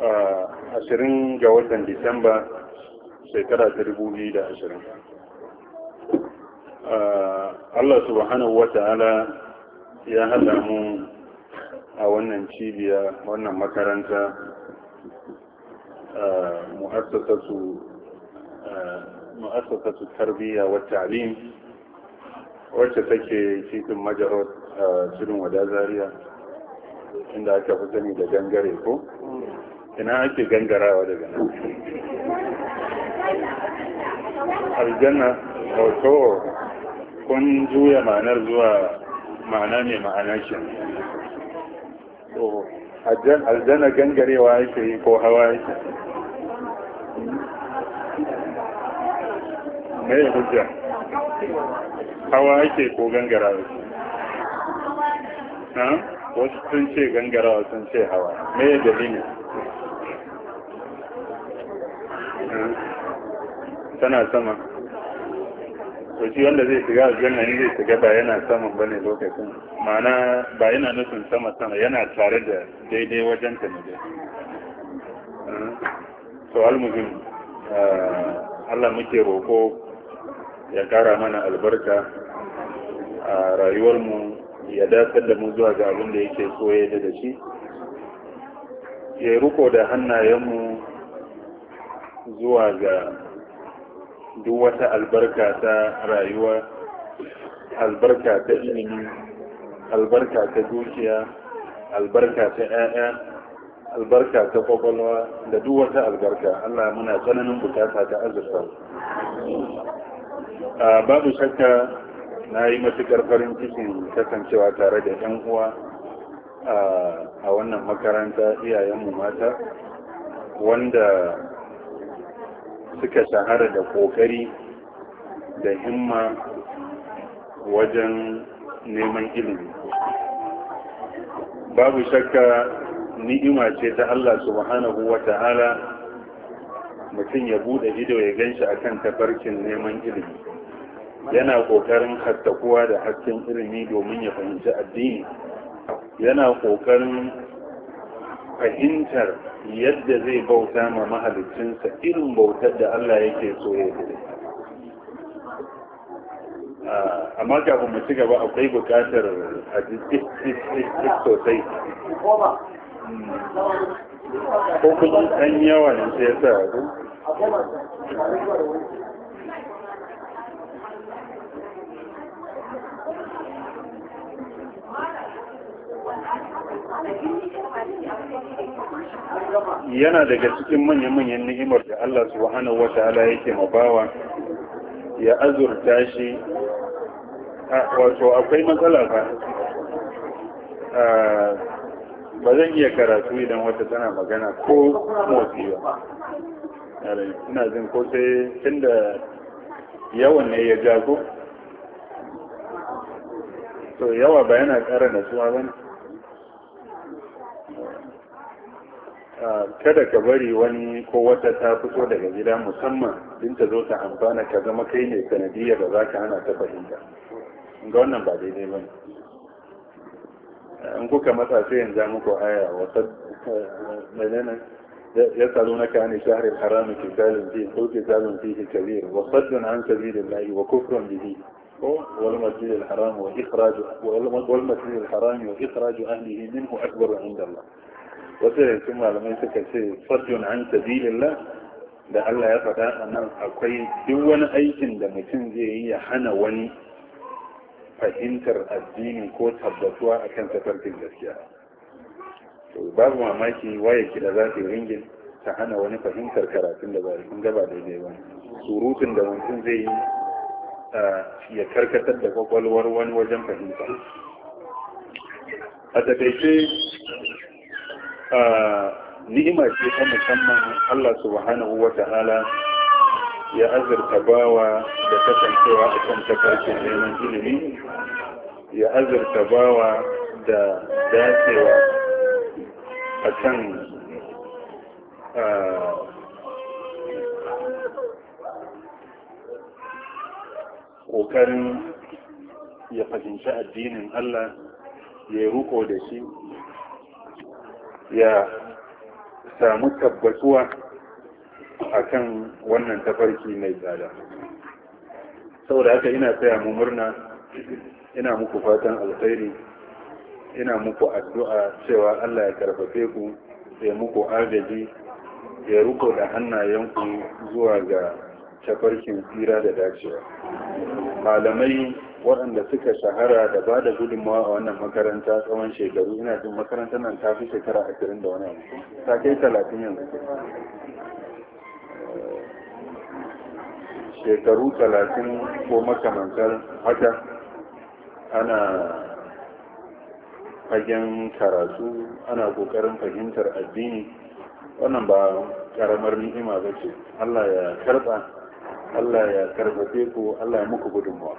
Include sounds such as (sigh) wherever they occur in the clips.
A ashirin ga watan disamba shekara ta dubu da ashirin allah subhanahu wa ta'ala ya haɗa mu a wannan cibiya wannan makaranta mu'assasatu tarbiyya wa ta'lim wacce take titin a cikin wada zaria inda aka fi sani da gangare ko ina ake gangarawa daga nan aljanna hoto oh, kun juya ma'anar zuwa ma'ana mai ma'ana ke aljanna gangarewa yake yi ko hawa yake mai hujja hawa ake ko gangara wasu sun ce gangarawa sun ce hawa me ya dalili tana sama to shi wanda zai shiga a ne zai shiga ba yana saman bane lokacin ma'ana ba yana nufin sama sama yana tare da daidai wajen ta ne so almuhim ah, Allah muke roko ya kara mana albarka a rayuwarmu ya dakar da mu zuwa ga abin da yake koye da shi ya riko da hannayen mu zuwa ga duk wata albarka ta rayuwa albarka ta ilimi albarka ta dukiya albarka ta 'ya'ya albarka ta kwakwalwa da duk wata albarka allah muna tsananin bukata ta azurta babu shakka na yi matuƙar farin cikin kasancewa tare da 'yan uwa a wannan makaranta iyayenmu mata wanda suka shahara da ƙoƙari da himma wajen neman ilimi babu shakka ni'ima ce ta Allah subhanahu wa ta'ala mutum ya bude ido ya ganshi kan tafarkin neman ilimi yana ƙoƙarin hattakuwa da hasken ilimi domin ya fahimci addini yana ƙoƙarin fahimtar yadda zai bauta ma mahalicinsa irin bautar da Allah yake so ya gare amma kafin mu ci gaba akwai buƙatar a sosai ko kuma ɗan yawa ne sai ya sa yana daga cikin manya-manyan ni'imar da Allah subhanahu wa ta'ala yake mabawa ya azurta shi wato akwai matsala ba ba zan iya karatu idan wata tana magana ko motsi ba ina jin ko sai tunda yawan ne ya jago to yawa ba yana ƙara nasuwa ba ne kada ka bari wani ko wata ta fito daga gida musamman din ta zo ta amfana ka zama kai ne sanadiyar da za ka hana ta fahimta ga wannan ba daidai ba in kuka matsa sai yanzu muku aya wata menene ya na يسألونك عن الشهر الحرام قتال فيه قل قتال فيه كبير وصد عن سبيل الله وكفر به والمسجد الحرام وإخراج haram wa وإخراج ahlihi minhu akbar inda allah wasu yankin malamai suka ce fadjun an sabilillah da Allah ya faɗa a nan akwai duk wani aikin da mutum zai yi ya hana wani fahimtar addini ko tabbatuwa a kan tafarkin gaskiya to babu mamaki waye da za ta yi ringin ta hana wani fahimtar karatun da ba sun gaba daidai ba surutun da mutum zai yi ya karkatar da kwakwalwar wani wajen fahimta a takaice ni'ima ce ta musamman Allah subhanahu wa ta'ala ya azurta bawa da kasancewa a kan neman ilimi ya azurta bawa da dacewa a kan ƙoƙarin ya fahimci addinin Allah ya yi ruko da shi ya samu tabbatuwa a kan wannan tafarki mai tsada saboda haka ina tsaya mu murna ina muku fatan alkhairi ina muku addu'a cewa Allah ya karfafe ku ya muku agaji ya ruko da hannayenku zuwa ga tafarkin tsira da dacewa malamai waɗanda suka shahara da ba da gudunmawa a wannan makaranta tsawon shekaru ina jin makarantar nan ta fi shekara ashirin da wani abu ta kai talatin yanzu shekaru talatin ko makamantar haka ana fagen karatu ana ƙoƙarin fahimtar addini wannan ba ƙaramar ni'ima ba ce allah ya karɓa allah ya karɓa ku allah ya muku gudunmawa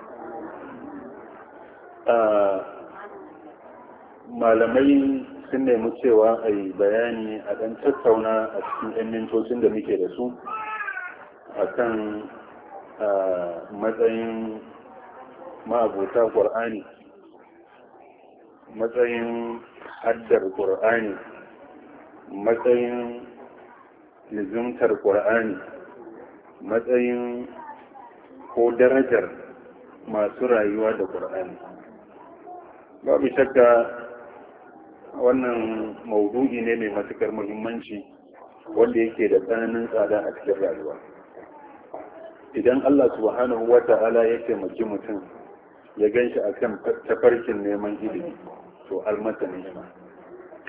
malamai sun nemi cewa a yi bayani a ɗan tattauna a cikin 'yan mintocin da muke da su a kan matsayin ma'abuta ƙur'ani matsayin haddar ƙur'ani matsayin lizimtar ƙur'ani matsayin ko darajar masu rayuwa da ƙur'ani babu shakka wannan maududi ne mai matukar muhimmanci wanda yake da tsananin tsada a cikin rayuwa idan Allah subhanahu wa ta'ala ya taimaki mutum ya gan shi akan tafarkin neman ilimi to almasa ma.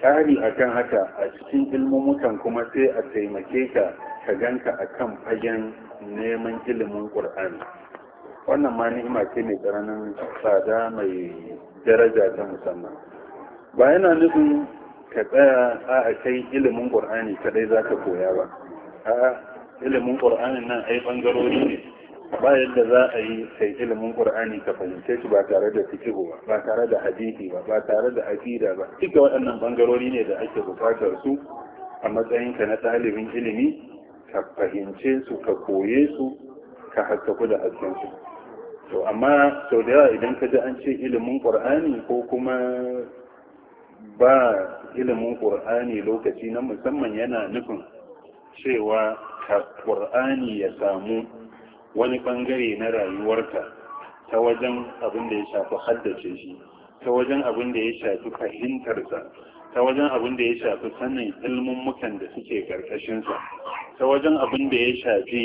ƙari akan haka a cikin ilmumukan kuma sai a taimake ka ka ganka akan fagen neman ilimin ƙur'ani wannan ma ni'ima ce mai tsananin tsada mai daraja ta musamman ba yana nufin ka tsaya a kai ilimin ƙur'ani kadai za ka koya ba a ilimin ƙur'ani nan ai ɓangarori ne ba yadda za a yi kai ilimin ƙur'ani ka fahimce shi ba tare da fikihu ba ba tare da hadisi ba ba tare da aqida ba duka waɗannan ɓangarori ne da ake buƙatar su a matsayin ka na ɗalibin ilimi ka fahimce su ka koye su ka haskaku da haskensu to amma sau da yawa idan ka ji an ce ilimin ƙur'ani ko kuma ba ilimin ƙur'ani lokaci na musamman yana nufin cewa ka ƙur'ani ya samu wani ɓangare na rayuwarka ta wajen abin da ya shafi haddace shi ta wajen abin da ya shafi fahimtarsa ta wajen abin da ya shafi sanin ilmummukan da suke ƙarƙashinsa ta wajen abin da ya shafi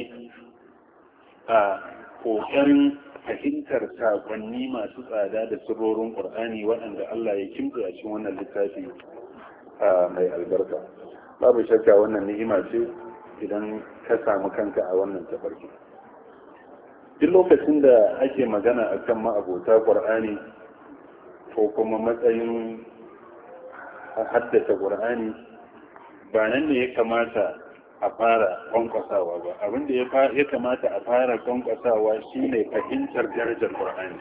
a ah, ƙoƙarin fahimtar sakonni masu tsada da sirrorin ƙur'ani waɗanda Allah ya kimta a cikin wannan littafi mai albarka babu shakka wannan ni'ima ce idan ka samu kanka a wannan tafarki duk lokacin da ake magana a kan ma'abota ƙur'ani ko kuma matsayin haddasa ƙur'ani ba nan ne ya kamata a fara kwankwasawa ba abin da ya kamata a fara kwankwasawa shine fahimtar darajar qur'ani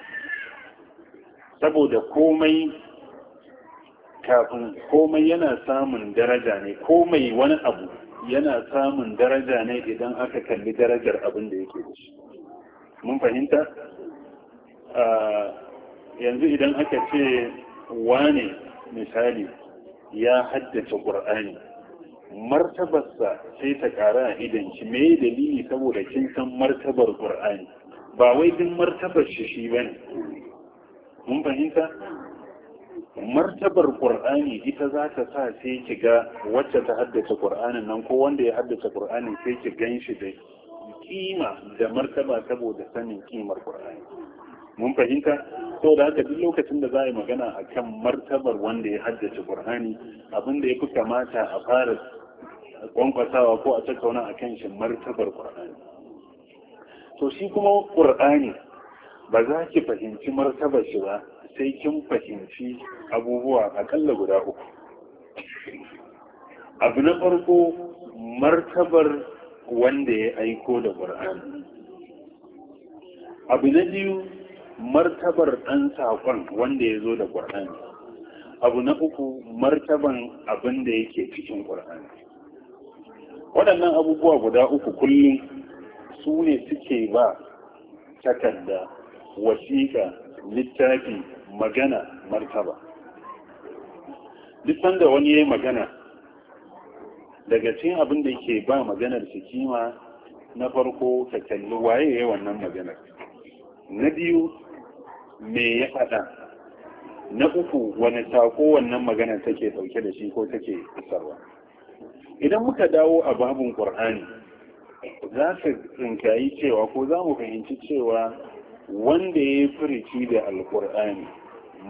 saboda komai kafin komai yana samun daraja ne komai wani abu yana samun daraja ne idan aka kalli darajar abin da yake da shi mun fahimta yanzu idan aka ce wane misali ya haddace ƙur'ani martabarsa sai ta ƙara a idan shi me dalili saboda kin san martabar ƙur'ani ba wai din martabar shi shi bane mun fahimta martabar ƙur'ani ita za ta sa sai ki ga wacce ta haddace ƙur'anin nan ko wanda ya haddace ƙur'anin sai ki gan shi da kima da martaba saboda sanin kimar ƙur'ani mun fahimta so da haka duk lokacin da za a yi magana a kan martabar wanda ya haddace ƙur'ani abin da ya fi kamata a fara kwankwasawa ko a tattauna a kan shi martabar ƙur'ani to shi kuma ƙur'ani ba za ki fahimci martabar shi ba sai kin fahimci abubuwa aƙalla guda uku abu na farko martabar wanda ya aiko da ƙwarani abu na biyu martabar ɗan saƙon wanda ya zo da ƙur'ani abu na uku martaban abin da yake cikin ƙur'ani waɗannan abubuwa guda uku kullum su ne suke ba takarda wasiƙa littafi magana martaba duk sanda wani ya yi magana daga cin abin da ke ba maganar su kima na farko ta kalli waye ya wannan maganar na biyu me ya faɗa na uku wani sako wannan magana take dauke da shi ko take isarwa idan muka dawo a babin ƙur'ani za ka tsinkayi cewa ko za mu fahimci cewa wanda ya yi firici da alƙur'ani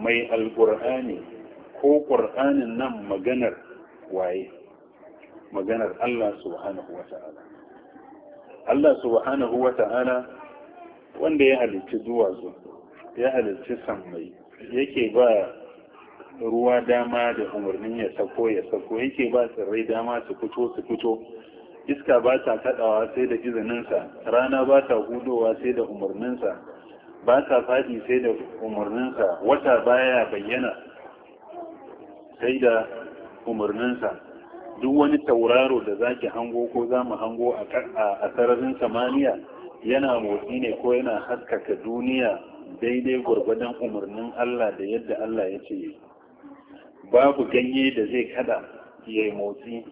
mai alƙur'ani ko ƙur'ani nan maganar waye maganar Allah subhanahu wa ta'ala Allah subhanahu wa ta'ala wanda ya halicci duwatsu ya halicci sammai yake ba ruwa dama da umarnin ya sako ya sako yake ba tsirrai dama su fito su fito iska ba ta kaɗawa sai da izininsa rana ba ta hudowa sai da umarninsa ba ta faɗi sai da umarninsa wata baya bayyana sai da umarninsa duk wani tauraro da za ki hango ko za mu hango a sararin samaniya yana motsi ne ko yana haskaka duniya daidai gwargwadon umarnin Allah da yadda Allah ya ce babu ganye da zai kada ya motsi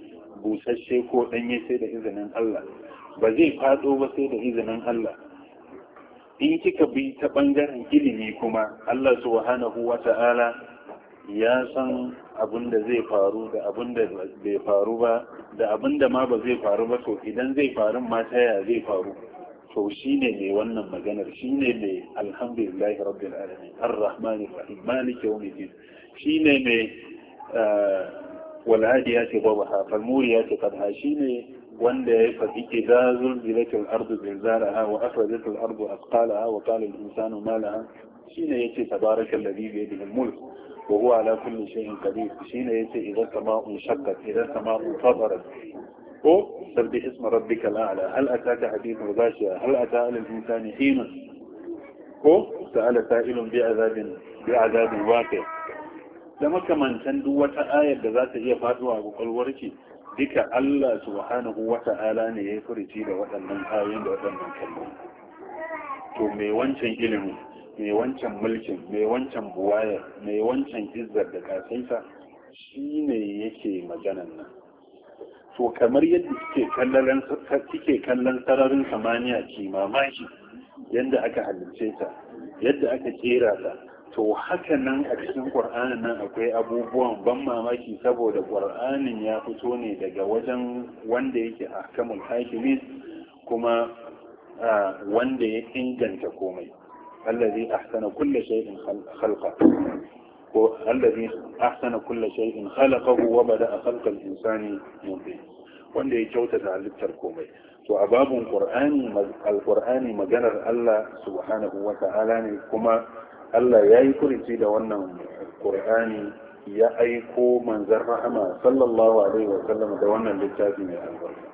busasshe ko ɗanye sai da izinin Allah ba zai fado ba sai da izinin Allah in kika bi ta bangaren ilimi kuma Allah subhanahu wa ta'ala ya san abin da zai faru da abin da bai faru ba da abin da ma ba zai faru ba to idan zai faru ma ta ya zai faru to shine mai wannan maganar shine mai alhamdulillahi rabbil alamin arrahmanir rahim maliki yawmiddin shine mai wal'adiyati dhabha falmuriyati qadha shine wanda ya faɗi idza zulzilatil ardu zilzalaha wa akhrajatil ardu athqalaha wa qala al insanu ma laha shine yace tabarakal ladhi bi yadihi al mulk wa huwa ala kulli shay'in qadir shine yace idza sama'u shaqqat idza sama'u fatarat ko sabbi isma rabbikal a'la hal ataka hadithu ghashiya hal ata al insani hina ko sa'ala sa'ilun bi'adabin bi'adabin waqi' da makamantan duk wata ayar da za ta iya faduwa a ki duka Allah subhanahu wa ta'ala ne ya furici da waɗannan ayoyin da waɗannan kallon to mai wancan ilimi mai wancan mulkin mai wancan buwayar mai wancan izzar da kasaita shi ne yake maganan nan to kamar yadda kike kallon sararin samaniya kimamaki yadda aka halicce ta yadda aka kera ta to haka nan a cikin ƙur'anin nan akwai abubuwan ban mamaki saboda ƙur'anin ya fito ne daga wajen wanda yake a kamun hakimin kuma wanda ya inganta komai allazi ahsana shay'in khalqa ko allazi ahsana shay'in khalaqahu wa insani min wanda ya kyautata halittar komai to a babun qur'ani maganar Allah subhanahu wa ta'ala ne kuma Allah ya yi kurici da wannan Kur'ani ya aiko manzan rahama sallallahu alaihi wa sallam da wannan littafi mai albarka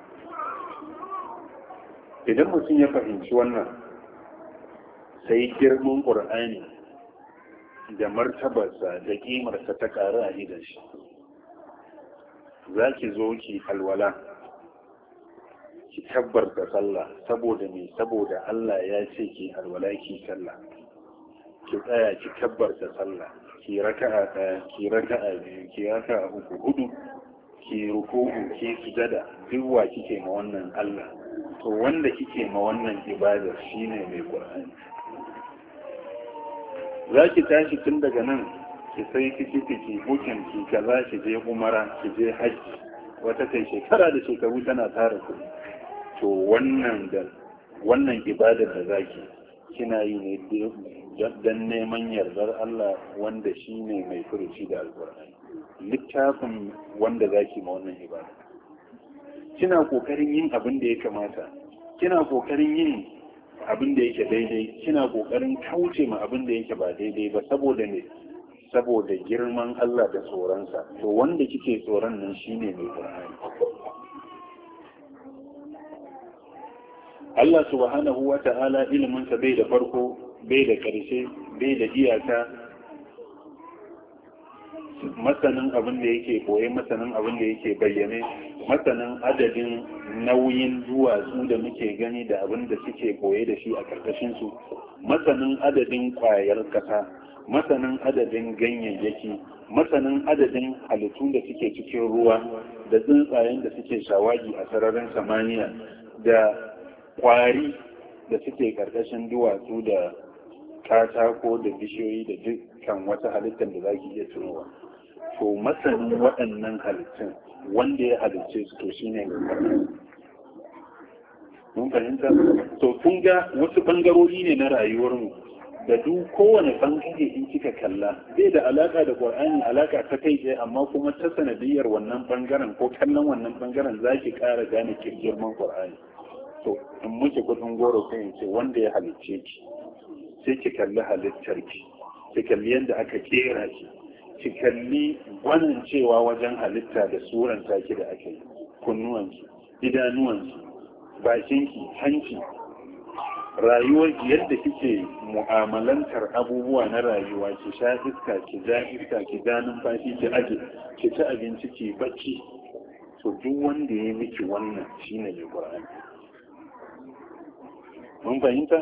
idan mutum ya fahimci wannan sai girman ƙur'ani da martabarsa da ƙimarsa ta ƙaru a idan shi za ki zo ki alwala ki tabbar da sallah saboda me saboda Allah ya ce ki alwala ki sallah ki tsaya ki tabbarta sallah ki raka'a ɗaya ki raka'a biyu ki raka'a uku hudu ki ruku'u ki sujada duk wa kike ma wannan Allah to wanda kike ma wannan ibada shine mai Qur'ani za ki tashi tun daga nan ki sai ci ki bukin ki kaza ki je umara ki je hajji wata kai shekara da shekaru tana tara kuɗi to wannan da wannan ibadar da zaki kina yi ne don neman yardar Allah wanda shi ne mai furuci da alƙur'ani littafin wanda za ki ma wannan ibada kina kokarin yin abin da ya kamata kina kokarin yin abin da yake daidai kina kokarin kauce ma abin da yake ba daidai ba saboda ne saboda girman Allah da tsoronsa to wanda kike tsoron nan shine mai Qur'ani Allah subhanahu wa ta'ala iliminsa bai da farko bai da ƙarshe bai da iyaka masanin abin da yake koye masanin abin da yake bayyane masanin adadin nauyin duwatsu da muke gani da abin da suke koye da shi a ƙarƙashinsu masanin adadin ƙwayar ƙasa masanin adadin ganyayyaki masanin adadin halittun da suke cikin ruwa da tsuntsayen da suke shawagi a sararin samaniya da kwari da suke karkashin duwatsu da katako da bishiyoyi da dukkan wata halittar da za ki iya tunowa to masanin waɗannan halittun wanda ya halicce su to shine mun fahimta to kun ga wasu ɓangarori ne na rayuwarmu da duk kowane ɓangare in kika kalla zai da alaƙa da qur'ani alaƙa ta kai tsaye amma kuma ta sanadiyar wannan ɓangaren ko kallon wannan ɓangaren za ki ƙara gane man qur'ani to in muke gudun goro kan wanda ya halicce ki sai ki kalli halittar ki ki kalli yadda aka kera ki ki kalli gwanin cewa wajen halitta da suran ki da aka yi kunnuwanki bakin bakinki hanki rayuwar yadda kike mu'amalantar abubuwa na rayuwa ki sha iska ki ja iska ki ja numfashi ki aje ki ci abinci ki bacci to duk wanda ya miki wannan shine mai qur'ani mun fahimta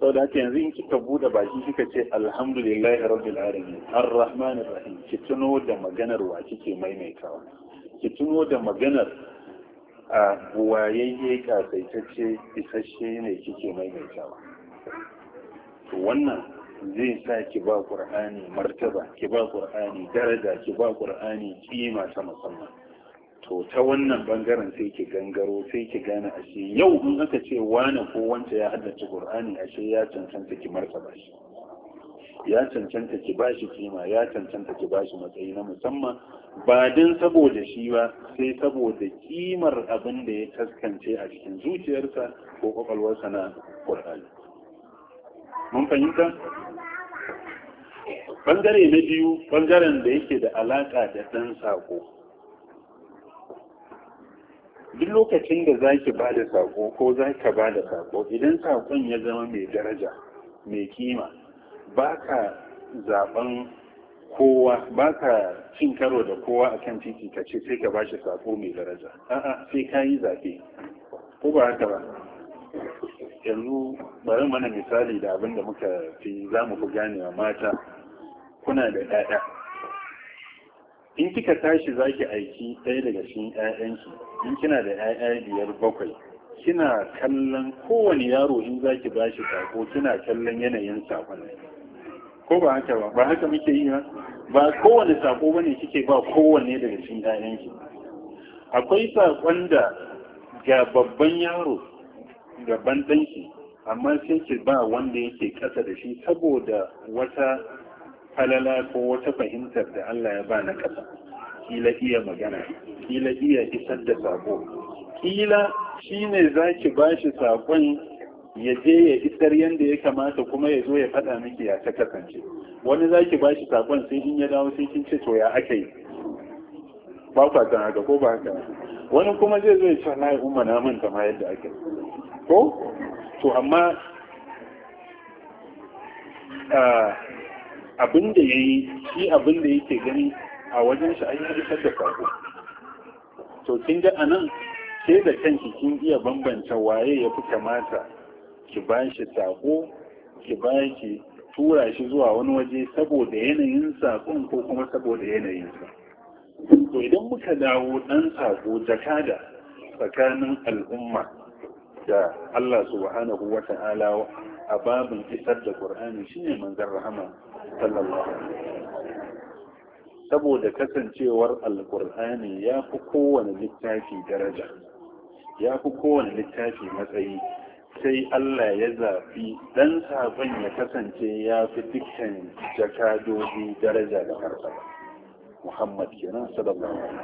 sau da haka yanzu in kika buɗe baki kika ce alhamdulillahi rabbil alamin arrahman rahim ki tuno da maganar wa kike maimaitawa ki tuno da maganar a wayayye kasaitacce isasshe ne kike maimaitawa wannan zai sa ki ba qur'ani martaba ki ba qur'ani daraja ki ba qur'ani kima ta musamman to ta wannan bangaren sai ki gangaro sai ki gane a shi. yau in aka ce wani ko wanda ya haddace qur'ani ashe ya cancanta ki martaba shi ya cancanta ki bashi kima ya cancanta ki bashi matsayi na musamman ba din saboda shi ba sai saboda kimar abin da ya taskance a cikin zuciyarsa ko kwakwalwarsa na qur'ani mun fahimta bangare na biyu bangaren da yake da alaka da dan sako duk lokacin da za ki ba da sako ko za ka ba da sako idan sakon ya zama mai daraja mai kima ba ka zaɓen kowa ba ka cin karo da kowa a kan titi ka ce sai ka ba shi sako mai daraja a'a sai ka yi zaɓe ko ba haka ba yanzu bari mana misali da abin da muka fi za mu fi ganewa mata kuna da 'ya'ya in kika tashi za ki aiki ɗaya daga cikin 'ya'yanki in kina da ƴaƴa biyar bakwai kina kallon kowane yaro in za ki bashi sako kina kallon yanayin sakon ko ba haka ba ba haka muke yi ba ba kowane sako bane kike ba kowane daga cikin ki akwai sakon da ga babban yaro gaban ɗanki amma sai ki ba wanda yake ƙasa da shi saboda wata falala ko wata fahimtar da Allah ya ba na ƙasa kila iya magana kila iya isar da sako kila shine ba shi sakon ya je ya isar yadda ya kamata kuma ya zo ya faɗa miki ya ta kasance wani za ki ba shi sakon sai in ya dawo sai kin ce to ya aka yi ba ku ta haka ko ba haka wani kuma zai zo ya ce na umma na manta ma yadda aka yi ko to amma ah, abin da ya yi shi abin da yake gani a wajen shi an yi isar da sako to kin ga anan sai da kanki kin iya bambanta waye ya fi kamata ki ba shi sako ki ba ki tura shi zuwa wani waje saboda yanayin sakon ko kuma saboda yanayin to idan muka dawo dan sako jakada tsakanin al'umma da Allah subhanahu wa ta'ala a babin isar da Qur'ani shine manzon rahama sallallahu alaihi saboda kasancewar alkur'ani ya fi kowane littafi daraja ya fi kowane littafi matsayi sai Allah ya zafi dan sabon ya kasance ya fi dukkan jakadodi daraja da martaba Muhammad kenan sallallahu alaihi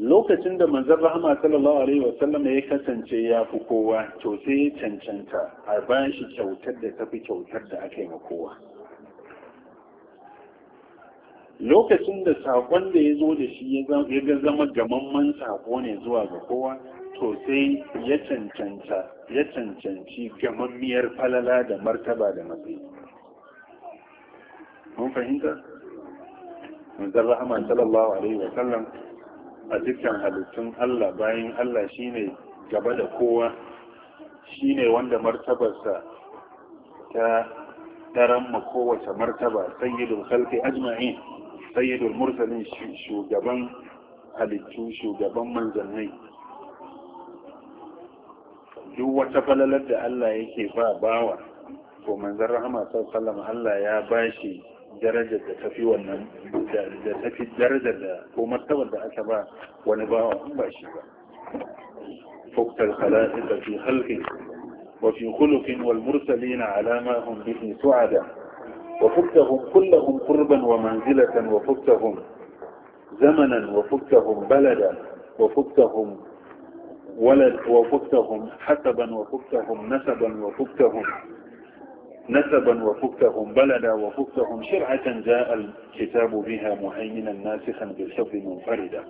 lokacin da manzon rahama sallallahu alaihi wasallam ya kasance ya fi kowa to sai ya cancanta a shi kyautar da tafi kyautar da aka yi ma kowa lokacin da sakon da ya zo da shi ya ga zama gamamman sako ne zuwa ga kowa to sai ya cancanta ya cancanci gamammiyar falala da martaba da matsayi mun fahimta manzon rahama sallallahu alaihi wa sallam a dukkan halittun Allah bayan Allah shine gaba da kowa shine wanda martabarsa ta daren ma kowace martaba sayyidul khalqi ajma'in sayyidul mursalin shugaban halittu shugaban manzannai duk wata falalar da Allah yake ba bawa ko manzon rahama sallallahu Allah ya ba shi darajar da tafi wannan da tafi darajar da ko martabar da aka ba wani bawa kun ba shi ba fuktar khala'iqa fi khalqi wa fi khuluqin wal mursalina ala ma hum bihi su'ada وفكهم كلهم قربا ومنزلة وفكهم زمنا وفكهم بلدا وفكهم ولد وفكهم حسبا وفكهم نسبا وفكهم نسبا وفكهم بلدا وفكهم شرعة جاء الكتاب بها مهيمنا ناسخا بالحفظ منفردا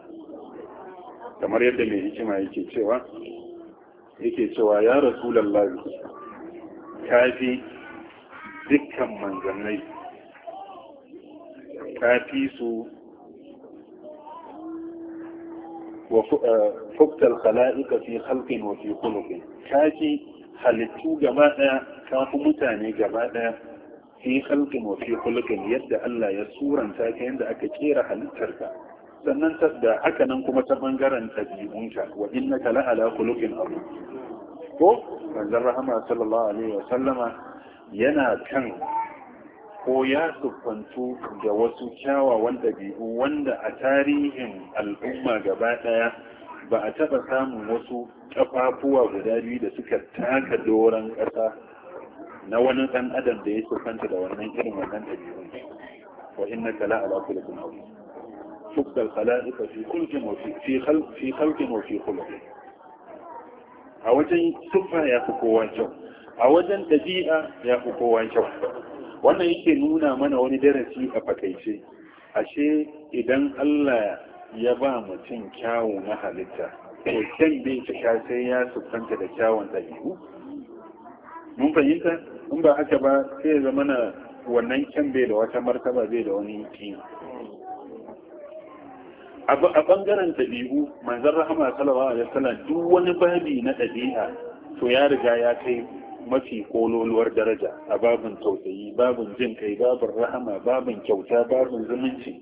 kamar yadda mai hikima سوى cewa سوى يا رسول الله كافي dukkan manzannai kafi su fukta fuktar khala'ika fi khalqin wa fi khuluqin ka fi halittu gaba ɗaya ka fi mutane gaba ɗaya fi khalqin wa fi khuluqin yadda Allah ya suranta ka yanda aka kera ka sannan da haka nan kuma ta bangaren ɗabi'unka wa innaka la'ala khuluqin abu ko manzon rahama sallallahu alaihi wa sallama yana kan ko ya siffantu da wasu kyawawan ɗabi'u wanda a tarihin al'umma gaba ɗaya ba a taɓa samun wasu ƙafafuwa guda biyu da suka taka doron ƙasa na wani ɗan adam da ya siffanta da wannan irin wannan ɗabi'un wa inna kala ala kulli kunawi fukal khalaiqa fi kulli wa fi khalqi wa fi khuluqi a wajen siffa ya fi kowa kyau a wajen ɗabi'a ya fi kowa kyau wannan yake nuna mana wani darasi a fakaice ashe idan Allah ya ba mutum kyawu na halitta to kyan bai cika sai ya sufanta da kyawun ɗabi'u mun fahimta in ba haka ba sai ya zama na wannan kyan bai da wata martaba bai da wani yi. a bangaren ɗabi'u manzon rahama sallallahu alaihi wasallam duk wani babi na ɗabi'a to ya riga ya kai mafi kololuwar daraja a babin tausayi babin jin kai babin rahama babin kyauta babin zumunci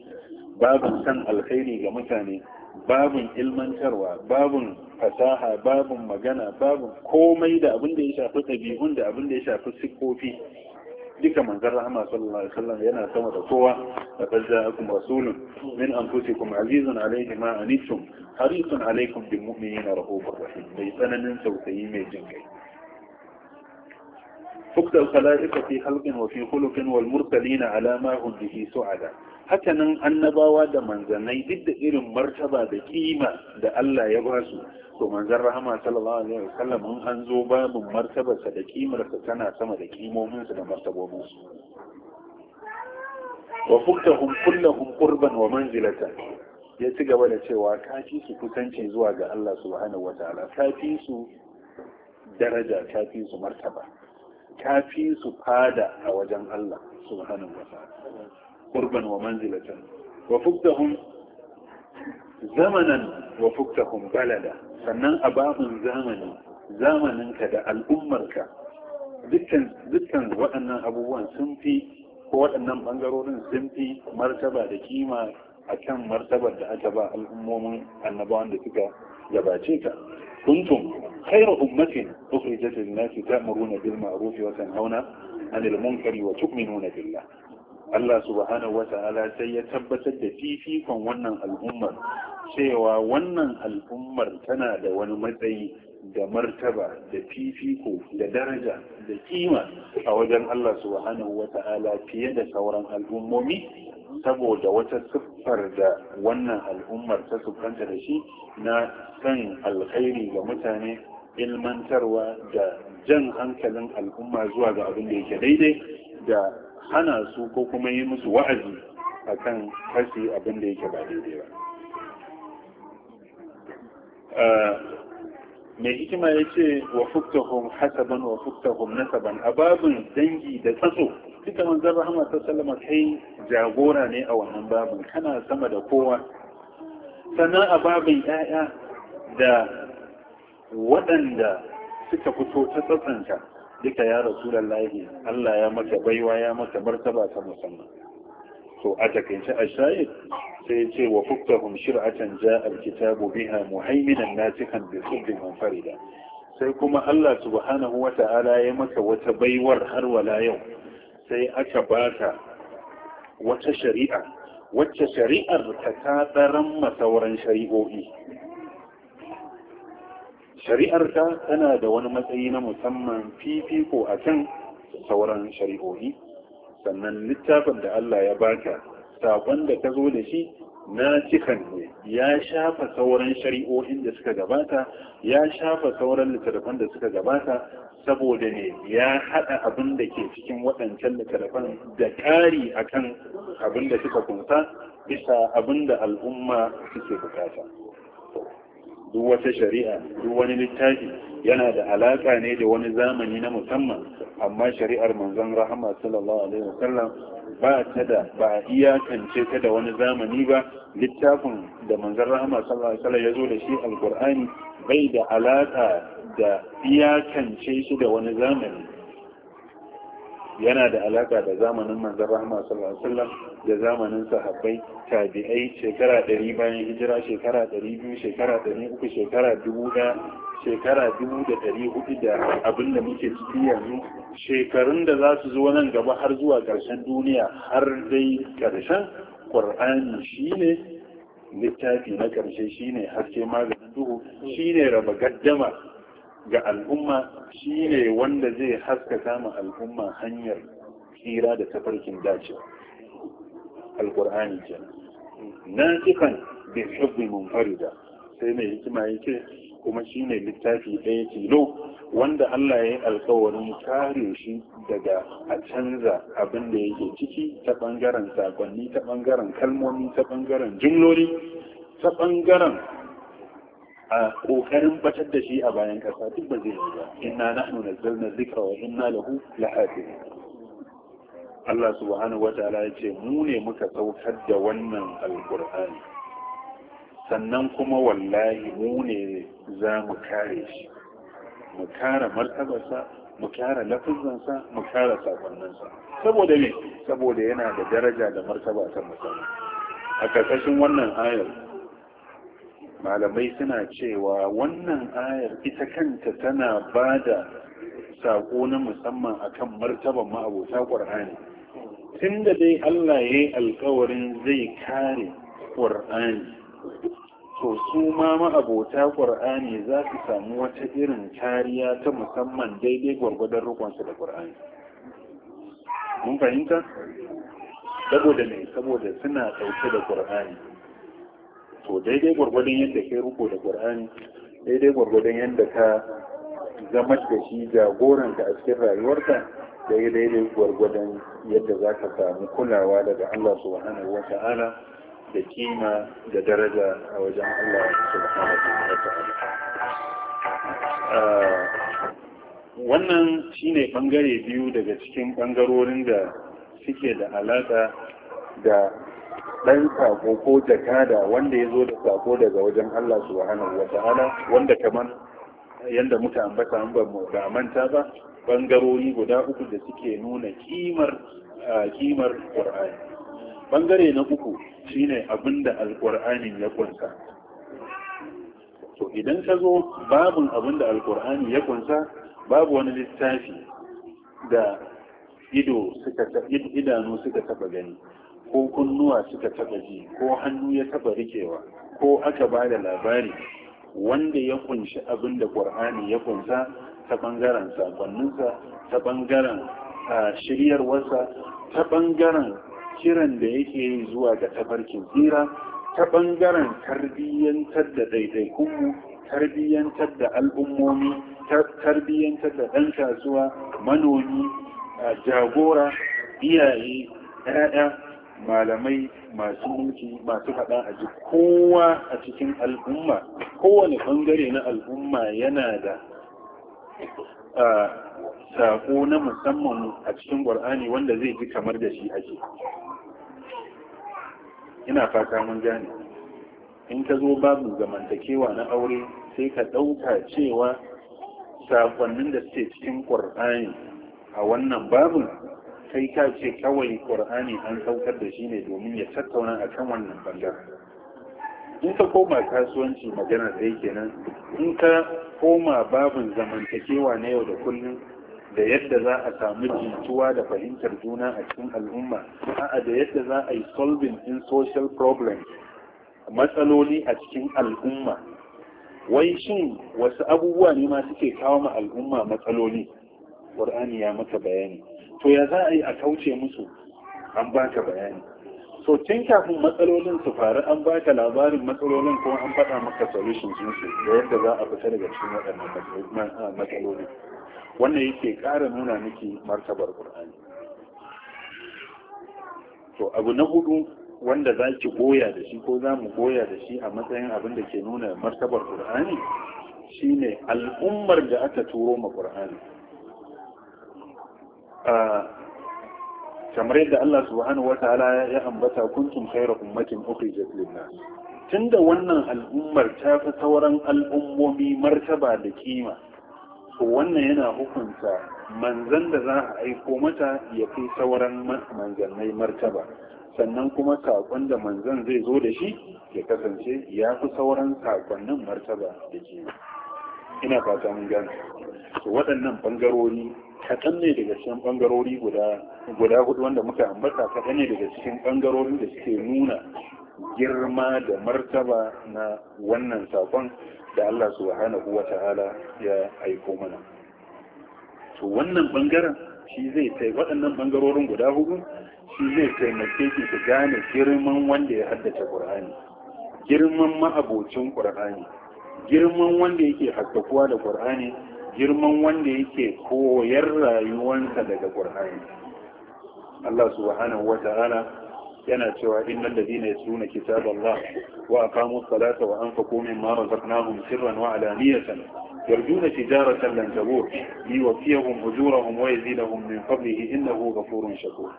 babin san alkhairi ga mutane babin ilmantarwa babin fasaha babin magana babin komai da abin da ya shafi ɗabi'un da abin da ya shafi siffofi duka manzon rahama sallallahu alaihi wasallam yana sama da kowa laqad ja'akum rasulun min anfusikum azizun alayhi ma anittum harisun alaykum bil mu'minina rahufur rahim mai tsananin tausayi mai jin حكد الخلائق في خلق وفي خلق والمرسلين على ما هم به سعدا haka nan annabawa da manzanai duk da irin martaba da kima da Allah ya ba su to manzon rahama sallallahu alaihi wasallam in an zo babu martabarsa da kimarsa tana sama da kimominsu da martabobinsu wa fuktahum kullahum qurban wa manzilatan ya ci gaba da cewa kafi fi su kusanci zuwa ga Allah subhanahu wataala su daraja ka su martaba Ka fi su fada a wajen Allah subhanahu wa ta'ala qurban wa manzilatan wa fuktahum zamanan wa fuktahum balada sannan a babin zamani zamaninka da al'ummarka dukkan dukkan waɗannan abubuwan sun fi ko waɗannan bangarorin sun fi martaba da kima a kan martabar da aka ba al'ummomin annabawan da suka gabace ka kuntum khairu ummatin ukhrijat lin-nas ta'muruna bil ma'ruf wa tanhauna 'anil munkari wa tu'minuna billah Allah subhanahu wa ta'ala sai ya tabbatar da fifikon wannan al'ummar cewa wannan al'ummar tana da wani matsayi da martaba da fifiko da daraja da kima a wajen Allah subhanahu wa ta'ala fiye da sauran al'ummomi saboda wata siffar da wannan al'ummar ta sukanta da shi na san alkhairi ga mutane ilmantarwa da jan hankalin al'umma zuwa ga abin da yake daidai da hana su ko kuma yi musu wa'azi a kan kashe abin da yake ba daidai ba eh, mai hikima ya ce wa fukta hun hasaban wa fukta hun nasaban a babin dangi da tsatso duka manzan rahama ta sallama kai jagora ne a wannan babin kana sama da kowa sannan a babin 'ya'ya da waɗanda suka fito ta tsatsanta duka ya rasu lahi. Allah ya maka baiwa ya maka martaba ta musamman to a takaice a shayin? sai ce wa fuktahum shir'atan ja'al kitabu biha muhaiminan nasikan bi subbin farida sai kuma Allah subhanahu wa ta'ala ya maka wata baiwar har wala yau sai aka bata wata shari'a wacce shari'ar ta tadaran masauran shari'o'i shari'ar ta tana da wani matsayi na musamman fifiko a can sauran shari'o'i sannan littafin da Allah ya baka sabon da ka zo da shi na cikan ne ya shafa sauran shari'o'in da suka gabata ya shafa sauran littattafan da suka gabata saboda ne ya haɗa abin da ke cikin waɗancan littattafan da ƙari akan abin da suka kunsa bisa abin da al'umma suke bukata duk wata shari'a duk wani littafi yana da alaƙa ne da wani zamani na musamman amma shari'ar manzon rahama sallallahu alaihi wasallam ba ta da ba a iyakance ta da wani zamani ba littafin da manzon rahama sallallahu alaihi wasallam ya zo da shi alqur'ani bai da alaƙa da iyakance shi da wani zamani yana da alaka da zamanin manzon rahama sallallahu alaihi wasallam da zamanin sahabbai tabi'ai shekara 100 bayan hijira shekara 200 shekara 300 shekara 1000 shekara 1400 da abin da muke ciki yanzu shekarun da za su zo nan gaba har zuwa ƙarshen duniya har dai ƙarshen qur'ani shine littafi na ƙarshe shine haske maganin duhu shine raba gaddama ga al'umma shi ne wanda zai haskaka ma al'umma hanyar tsira da tafarkin dace alkur'ani ke na cikin mun hubbi munfarida sai mai hikima yake kuma shi ne littafi ɗaya tilo wanda Allah ya yi alkawarin kare shi daga a canza abin da yake ciki ta ɓangaren saƙonni, ta ɓangaren kalmomi ta ɓangaren jimloli ta ɓangaren a ƙoƙarin batar da shi a bayan kasa duk ba zai yi ba inna nahnu nazzalna dhikra wa inna lahu lahafiz Allah subhanahu ta'ala ya ce mu ne muka saukar da wannan alqur'ani sannan kuma wallahi mu ne za mu kare shi mu kare martabarsa mu kare lafizansa mu kare sakonninsa saboda me saboda yana da daraja da martaba ta musamman a karkashin wannan ayar malamai suna cewa wannan ayar ita kanta tana ba da saƙo na musamman akan martaban ma'abota ƙwar'ani tun da dai allah ya yi alkawarin zai kare ƙwar'ani to su ma ma'abota ƙwar'ani za su samu wata irin kariya ta musamman daidai gwargwadon rukunsu da ƙwar'ani mun fahimta saboda ne saboda suna ɗauke da ƙwar'ani to daidai gwargwadon yadda kai ruko da qur'ani daidai gwargwadon yadda ka zama da shi jagoranka a cikin rayuwarka daidai gwargwadon yadda za ka samu kulawa daga Allah subhanahu wa ta'ala da kima da daraja a wajen Allah subhanahu wa ta'ala ah, wannan shine bangare biyu daga cikin ɓangarorin da suke da alaƙa da ɗan sako ko jakada wanda ya zo da sako daga wajen Allah subhanahu wa ta'ala wanda kamar yanda muka ambata an ba manta ba bangarori guda uku da suke nuna kimar kimar Qur'ani bangare na uku shine abinda alqur'ani ya kunsa to idan ka zo babun abinda alqur'ani ya kunsa babu wani littafi da ido suka idanu suka taba gani ko kunnuwa suka taba ji ko hannu ya taba rikewa ko aka ba da labari wanda ya kunshi abin da ƙwar'ani ya kunsa ta ɓangaren saƙonninsa ta ɓangaren shiryarwarsa ta ɓangaren kiran da yake yi zuwa ga tafarkin tsira ta ɓangaren tarbiyyantar da daidaikunmu tarbiyyantar da al'ummomi tarbiyyantar da ɗan kasuwa manomi jagora iyaye 'ya'ya malamai masu mulki masu faɗa a ji kowa a cikin al'umma kowane ɓangare na al'umma yana da sako na musamman a cikin ƙwar'ani wanda zai ji kamar da shi ake ina fata mun gane in ka zo babu zamantakewa na aure sai ka ɗauka cewa sakonnin da suke cikin ƙwar'ani a wannan babin kai ka ce kawai ƙur'ani an saukar da shi ne domin ya tattauna a kan wannan bangar? in ka koma kasuwanci magana ke nan, in ka koma babin zamantakewa na yau da kullum da yadda za a samu jituwa da fahimtar juna a cikin al'umma a'a da yadda za a yi solving in social problems matsaloli a cikin al'umma wai shin wasu abubuwa ne ma suke kawo ma al'umma matsaloli ƙur'ani ya maka bayani to ya za a yi a kauce musu an baka bayani so tun kafin matsalolin su faru an baka labarin matsalolin ko an faɗa maka solution sun su da yadda za a fita daga cikin waɗannan matsaloli wannan yake ƙara nuna miki martabar ƙur'ani to abu na hudu wanda za ki goya da shi ko za mu goya da shi a matsayin abin da ke nuna martabar ƙur'ani shine al'ummar da aka turo ma ƙur'ani kamar yadda Allah subhanahu wataala ya ambata kuntum khayra ummatin ukhrijat lin-nas tunda wannan al'ummar ta fi sauran al'ummomi martaba da kima to wannan yana hukunta manzan da za a aiko mata ya fi sauran manzannai martaba sannan kuma sakon da manzan zai zo da shi ya kasance ya fi sauran saƙonnin martaba da kima ina fata mun gane to waɗannan ɓangarori kaɗan ne daga cikin ɓangarori guda hudu wanda muka ambata kaɗan ne daga cikin ɓangarori da suke nuna girma da martaba na wannan saƙon da Allah subhanahu wa ta'ala ya aiko mana to wannan ɓangaren shi zai kai waɗannan ɓangarorin guda hudu shi zai taimake ke su gane girman wanda ya haddace ƙur'ani, girman ma'abocin ƙur'ani, girman wanda yake haddakuwa da ƙur'ani. girman wanda yake koyar rayuwansa daga ƙur'ani Allah subhanahu wa ta'ala yana cewa innal ladina yatluna kitaballah wa aqamu ssalata wa anfaqu mimma razaqnahum sirran wa alaniyatan yarjuna tijaratan lan tabur liwafiyahum ujurahum wa yazidahum min fadlihi innahu ghafurun shakur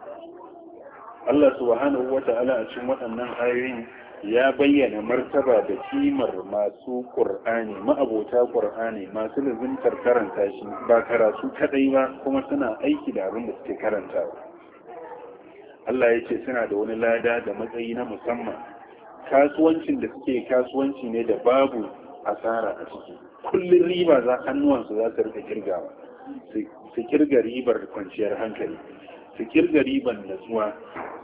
Allah subhanahu wa ta'ala a cikin waɗannan ayoyin ya bayyana martaba da kimar masu ƙur'ani ma'abota ƙur'ani masu lazimtar karanta shi ba karatu kadai ba kuma suna aiki da abin da suke karanta Allah ya ce suna da wani lada da matsayi na musamman kasuwancin da suke kasuwanci ne da babu asara a ciki kullum riba za hannuwansu za su rika kirgawa su kirga ribar kwanciyar hankali su kirga ribar natsuwa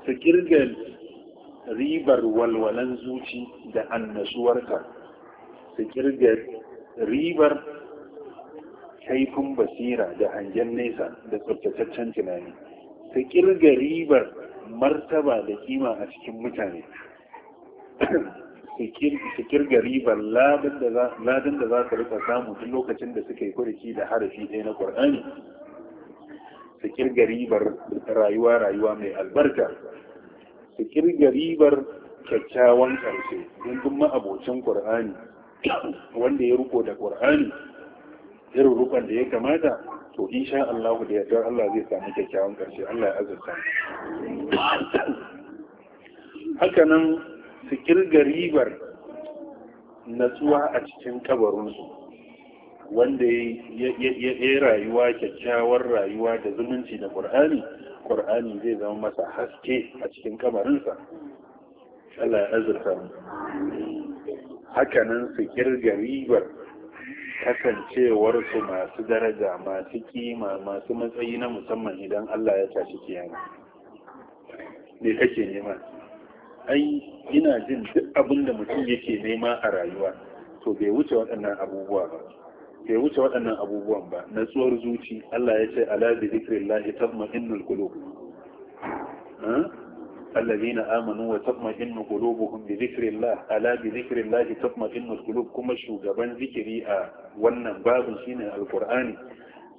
su kirga ribar walwalan zuci da annasuwarka su kirga ribar kaifin basira da hangen nesa da tsaftataccen tunani su kirga ribar martaba da kima a cikin mutane su kirga ribar ladin da za ka rika samu duk lokacin da suka yi kurki da harafi ɗaya na ƙwar'ani su kirga ribar rayuwa rayuwa mai albarka su kirga ribar kyakkyawan ƙarshe don duk ma'abocin qur'ani wanda ya riko da qur'ani irin rukun da ya kamata to insha Allah da yardar Allah zai samu kyakkyawan ƙarshe, Allah ya azurta haka nan su kirga ribar natsuwa a cikin kabarinsu wanda ya rayuwa kyakkyawar rayuwa da zumunci da ƙur'ani kur'ani zai zama masa haske a cikin kamarinsa Allah ya azurta mu hakanan su kirga ribar kasancewarsu masu daraja masu kima masu matsayi na musamman idan Allah ya tashi kiyama me kake nema ai ina jin duk abin da mutum yake nema a rayuwa to bai wuce waɗannan abubuwa ba bai wuce waɗannan abubuwan ba natsuwar zuci Allah ya ce ala bi zikrillahi tatma'innul qulub wa آمنوا وتطمئن قلوبهم بذكر zikirin ألا بذكر الله تطمئن Kuma shugaban zikiri a wannan babin shine alqur'ani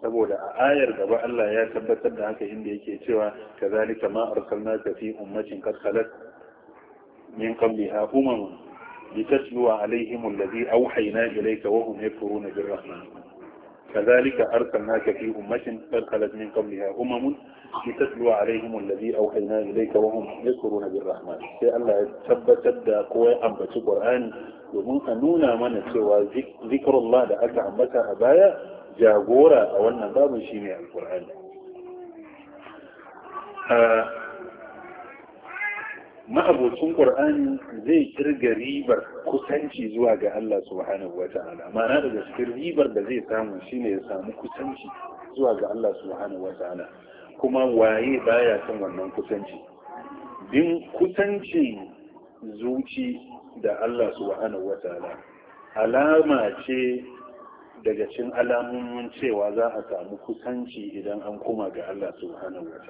saboda a ayar gaba Allah ya tabbatar da haka inda yake cewa kazalika ma arsalnaka fi ummatin qad khalat min qabliha umamun لتتلو عليهم الذي أوحينا إليك وهم يكفرون بالرحمن كذلك أرسلناك في أمة قد خلت من قبلها أمم لتتلو عليهم الذي أوحينا إليك وهم يكفرون بالرحمن سي الله يتبت دا قوى أمبت القرآن ومن أنونا من سوى ذكر الله لأك أمبت أبايا جاغورا أو النظام شيني القرآن آه ma'abocin ƙur'ani zai kirga ribar kusanci zuwa ga Allah subhanahu wa ta'ala ma'ana daga cikin ribar da zai samu shine ya samu kusanci zuwa ga Allah subhanahu wa kuma waye baya son wannan kusanci din kusanci zuci da Allah subhanahu wa alama ce daga cin alamomin cewa za a samu kusanci idan an kuma ga Allah subhanahu wa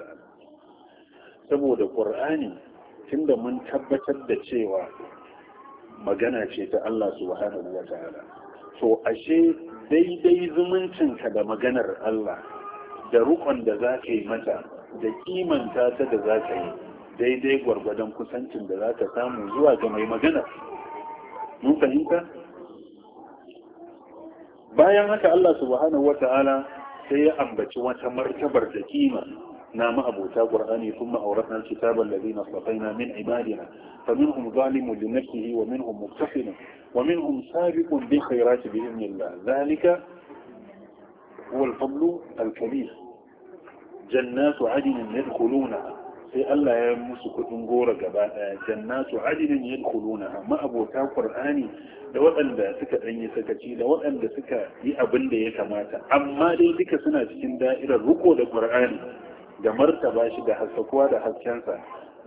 saboda ƙur'ani tunda mun tabbatar da cewa magana ce ta Allah subhanahu wa ta'ala to ashe daidai zumuncinka da maganar Allah da rukon da za ka yi mata da kimanta ta da za ka yi daidai gwargwadon kusancin da za ka samu zuwa ga mai magana mun fahimta bayan haka Allah subhanahu wa ta'ala sai ya ambaci wata martabar da kima na abota qur'ani sun ma'auratan kitaban da zina sabaina min ibadina fannin hun zali mulinaki wa min hun muktafina wa min hun sabiqun bi khairati bi idnillah zalika huwa al-fadlu al-kabir jannatu adinin yadkhuluna sai Allah ya musu kudin gora gaba daya jannatu adinin yadkhuluna ma'abuta qur'ani da waɗanda suka danyi sakaci da waɗanda suka yi abinda ya kamata amma dai duka suna cikin da'irar ruko da qur'ani da martaba shi da hasakuwa da haskensa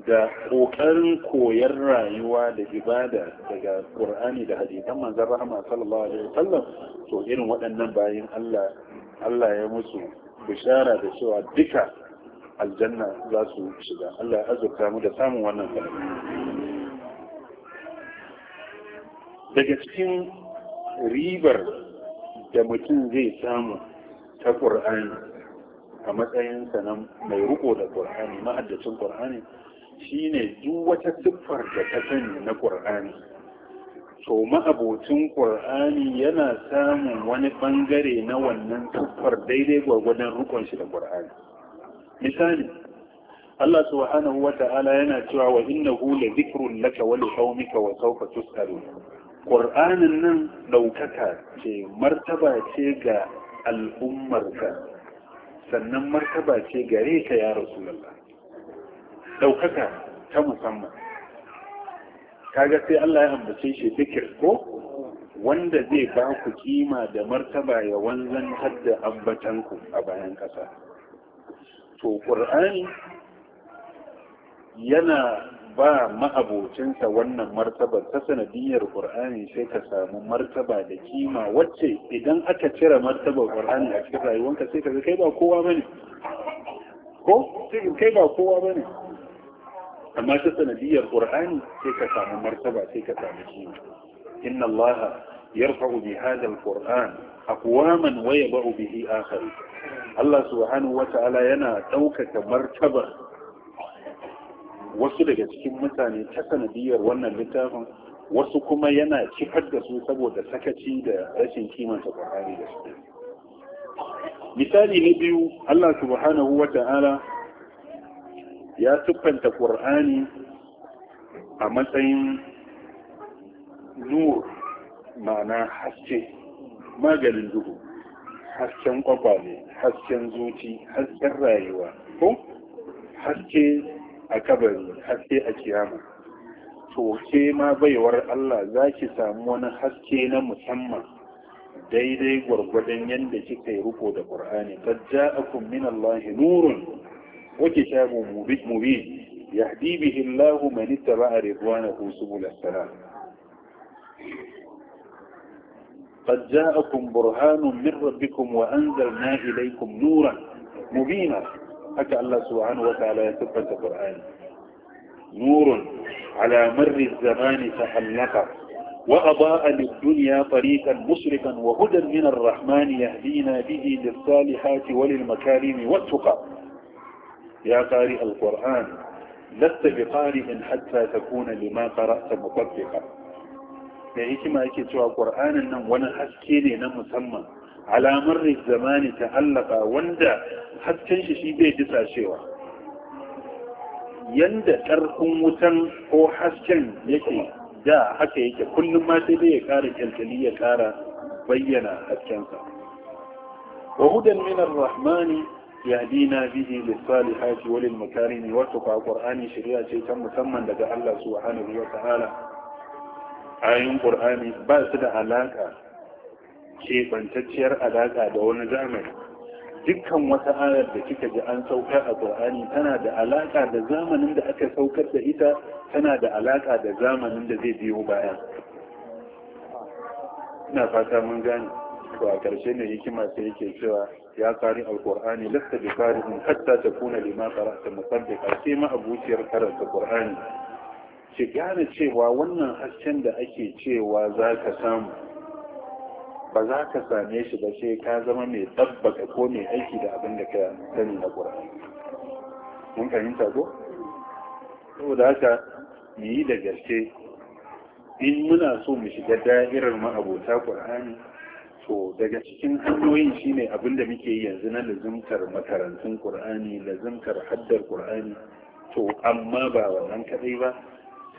da ƙoƙarin koyar rayuwa da ibada daga ƙur'ani da hadisan manzon rahama sallallahu alaihi wasallam to irin waɗannan bayan Allah Allah ya musu bishara da cewa duka aljanna za su shiga Allah ya azurta mu da samun wannan kalma daga cikin ribar da mutum zai samu ta ƙur'ani a matsayinsa na mai riko da ƙur'ani mahaddacin ƙur'ani shine duk wata siffar da ta sani na ƙur'ani to ma'abocin ƙur'ani yana samun wani ɓangare na wannan siffar daidai gwargwadon rukon shi da ƙur'ani misali Allah subhanahu wa ta'ala yana cewa wa innahu la dhikrun laka wa li qaumika wa sawfa tus'alun Qur'anin nan daukaka ce martaba ce ga al'ummarka sannan martaba ce gare ka ya lalla ɗaukaka ta musamman kaga sai Allah ya ambace shi fikir ko wanda zai ba ku kima da martaba ya wanzan da ambatanku a bayan ƙasa to ƙur'ani yana ba ma'abocinsa wannan martaba. ta sanadiyar ƙur'ani sai ka samu martaba da kima wacce idan aka cire martabar ƙur'ani a cikin rayuwanka sai ka kai ba kowa bane ko kai ba kowa bane amma ta sanadiyar ƙur'ani sai ka samu martaba sai ka samu kima inna allaha yarfa'u bi hadha alquran aqwaman wa yab'u bihi akharin Allah subhanahu wa ta'ala yana ɗaukaka martaba. wasu daga cikin mutane ta sanadiyar wannan littafin wasu kuma yana cikar da su saboda sakaci da rashin kimanta Qur'ani da su misali na biyu Allah subhanahu wa ta'ala ya siffanta ƙur'ani a matsayin nur ma'ana haske maganin duhu hasken ne, hasken zuci hasken rayuwa ko haske a kabari haske a kiyama to ke ma baiwar Allah za ki samu wani haske na musamman daidai gwargwadon yadda kika yi riko da Qur'ani qad ja'akum min Allah nurun wa kitabun mubin yahdi bihi Allah man ittaba'a ridwanahu subul salam قد جاءكم برهان من ربكم وأنزلنا إليكم نورا مبينا حتى الله سبحانه وتعالى يكتب القرآن نور على مر الزمان تحلق وأضاء للدنيا طريقا مشرقا وهدى من الرحمن يهدينا به للصالحات وللمكارم والتقى يا قارئ القرآن لست بقارئ حتى تكون لما قرأت مطبقا يعني كما يكتب القرآن أنه ونحكي لنا مسمى alamar zamani ta allaka wanda hasken shi shi bai disashewa yanda ƙarfin wutan ko hasken yake da haka yake kullum ma sai dai ya ƙara kyalkyali ya ƙara bayyana haskensa wa hudan min rahmani dina bihi lis-salihati wa lil-makarimi wa tuqa qur'ani shari'a ce ta musamman daga Allah subhanahu wa ta'ala Kayan ƙur'ani ba su da alaka keɓantacciyar alaƙa da wani zamani dukkan wata ayar da kika ji an saukar a ƙur'ani tana da alaƙa da zamanin da aka saukar da ita tana da alaƙa da zamanin da zai biyo baya ina fata mun gane to a ƙarshe ne hikima sai yake cewa ya kari alƙur'ani lasta bi in hatta ta kuna lima qara'ta da ƙarshe ma abuciyar karanta ƙur'ani ki gane cewa wannan hasken da ake cewa za ka samu ba za ka same shi ba sai ka zama mai tsabbaka ko mai aiki da abin da ka sani na ƙur'ani mun fahimta ko saboda haka mu yi da gaske in muna so mu shiga da'irar ma'abota ƙur'ani to daga cikin hanyoyin shi ne abin da muke yi yanzu na lazimtar makarantun ƙur'ani lazumtar haddar ƙur'ani to amma ba wannan kaɗai ba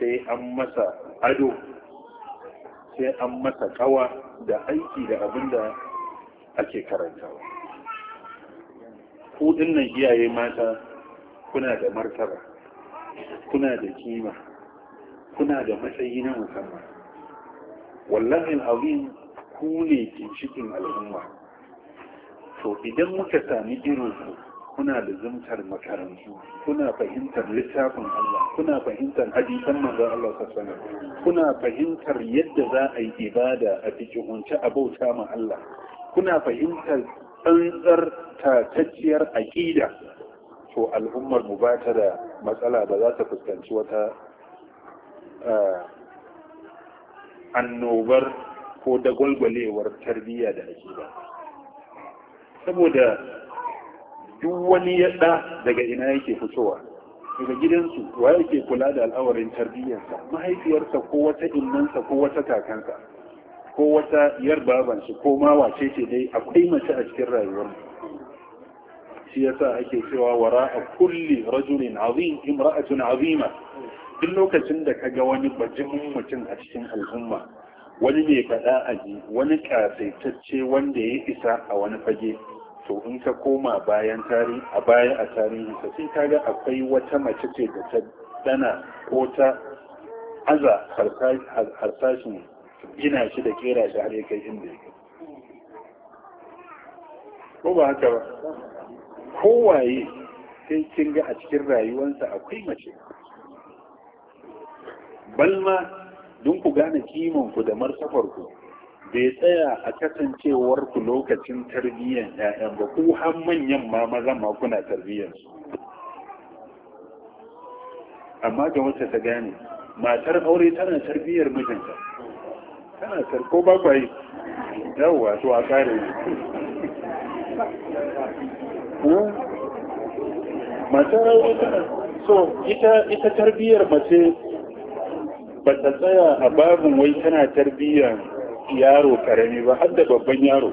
sai an masa ado sai an masa kawa da aiki da abin da ake karantawa ku dinnan iyaye mata kuna da martaba kuna da kima kuna da matsayi na musamman wallahi al'azim ku ne cikin al'umma to idan muka sami irin ku kuna da zumtar makarantu kuna fahimtar littafin Allah kuna fahimtar hadisan manzon Allah sallallahu alaihi kuna fahimtar yadda za a yi ibada a fikihunci abauta ma Allah kuna fahimtar tsantsar tatacciyar aqida to al'ummar mu ba ta da matsala ba za ta fuskanci wata eh, annobar ko dagwalgwalewar tarbiyya da aqida saboda duk wani ya ɗa daga ina yake fitowa daga gidansu wa yake kula da al'awarin tarbiyyarsa mahaifiyarsa ko wata innansa ko wata kakansa ko wata yar babansu ko ma wace ce dai akwai mace a cikin rayuwar shi yasa ake cewa wara a kulli rajulin azim imra'atun azima duk lokacin da ka ga wani bajimin mutum a cikin al'umma wani mai faɗa aji wani ƙasaitacce wanda ya isa a wani fage to in ka koma bayan tarihi a baya a tarihi ka sai ga akwai wata mace ce da ta dana ko ta aza harsashin gina shi da kera shi har ya kai inda ya ko ba haka ba kowaye sai kin ga a cikin rayuwarsa akwai mace balma don ku gane kimanku da martafarku bai tsaya a kasancewar ku lokacin tarbiyyar ƴaƴan ba ku har manyan ma maza ma kuna tarbiyyar su amma ga wacce ta gane matar aure tana tarbiyyar mijinta tana tar ko ba kwayi yawwa to a kare matar aure tana so ita ita tarbiyyar mace ba ta tsaya a babin wai tana tarbiyyar yaro karami ba har da babban yaro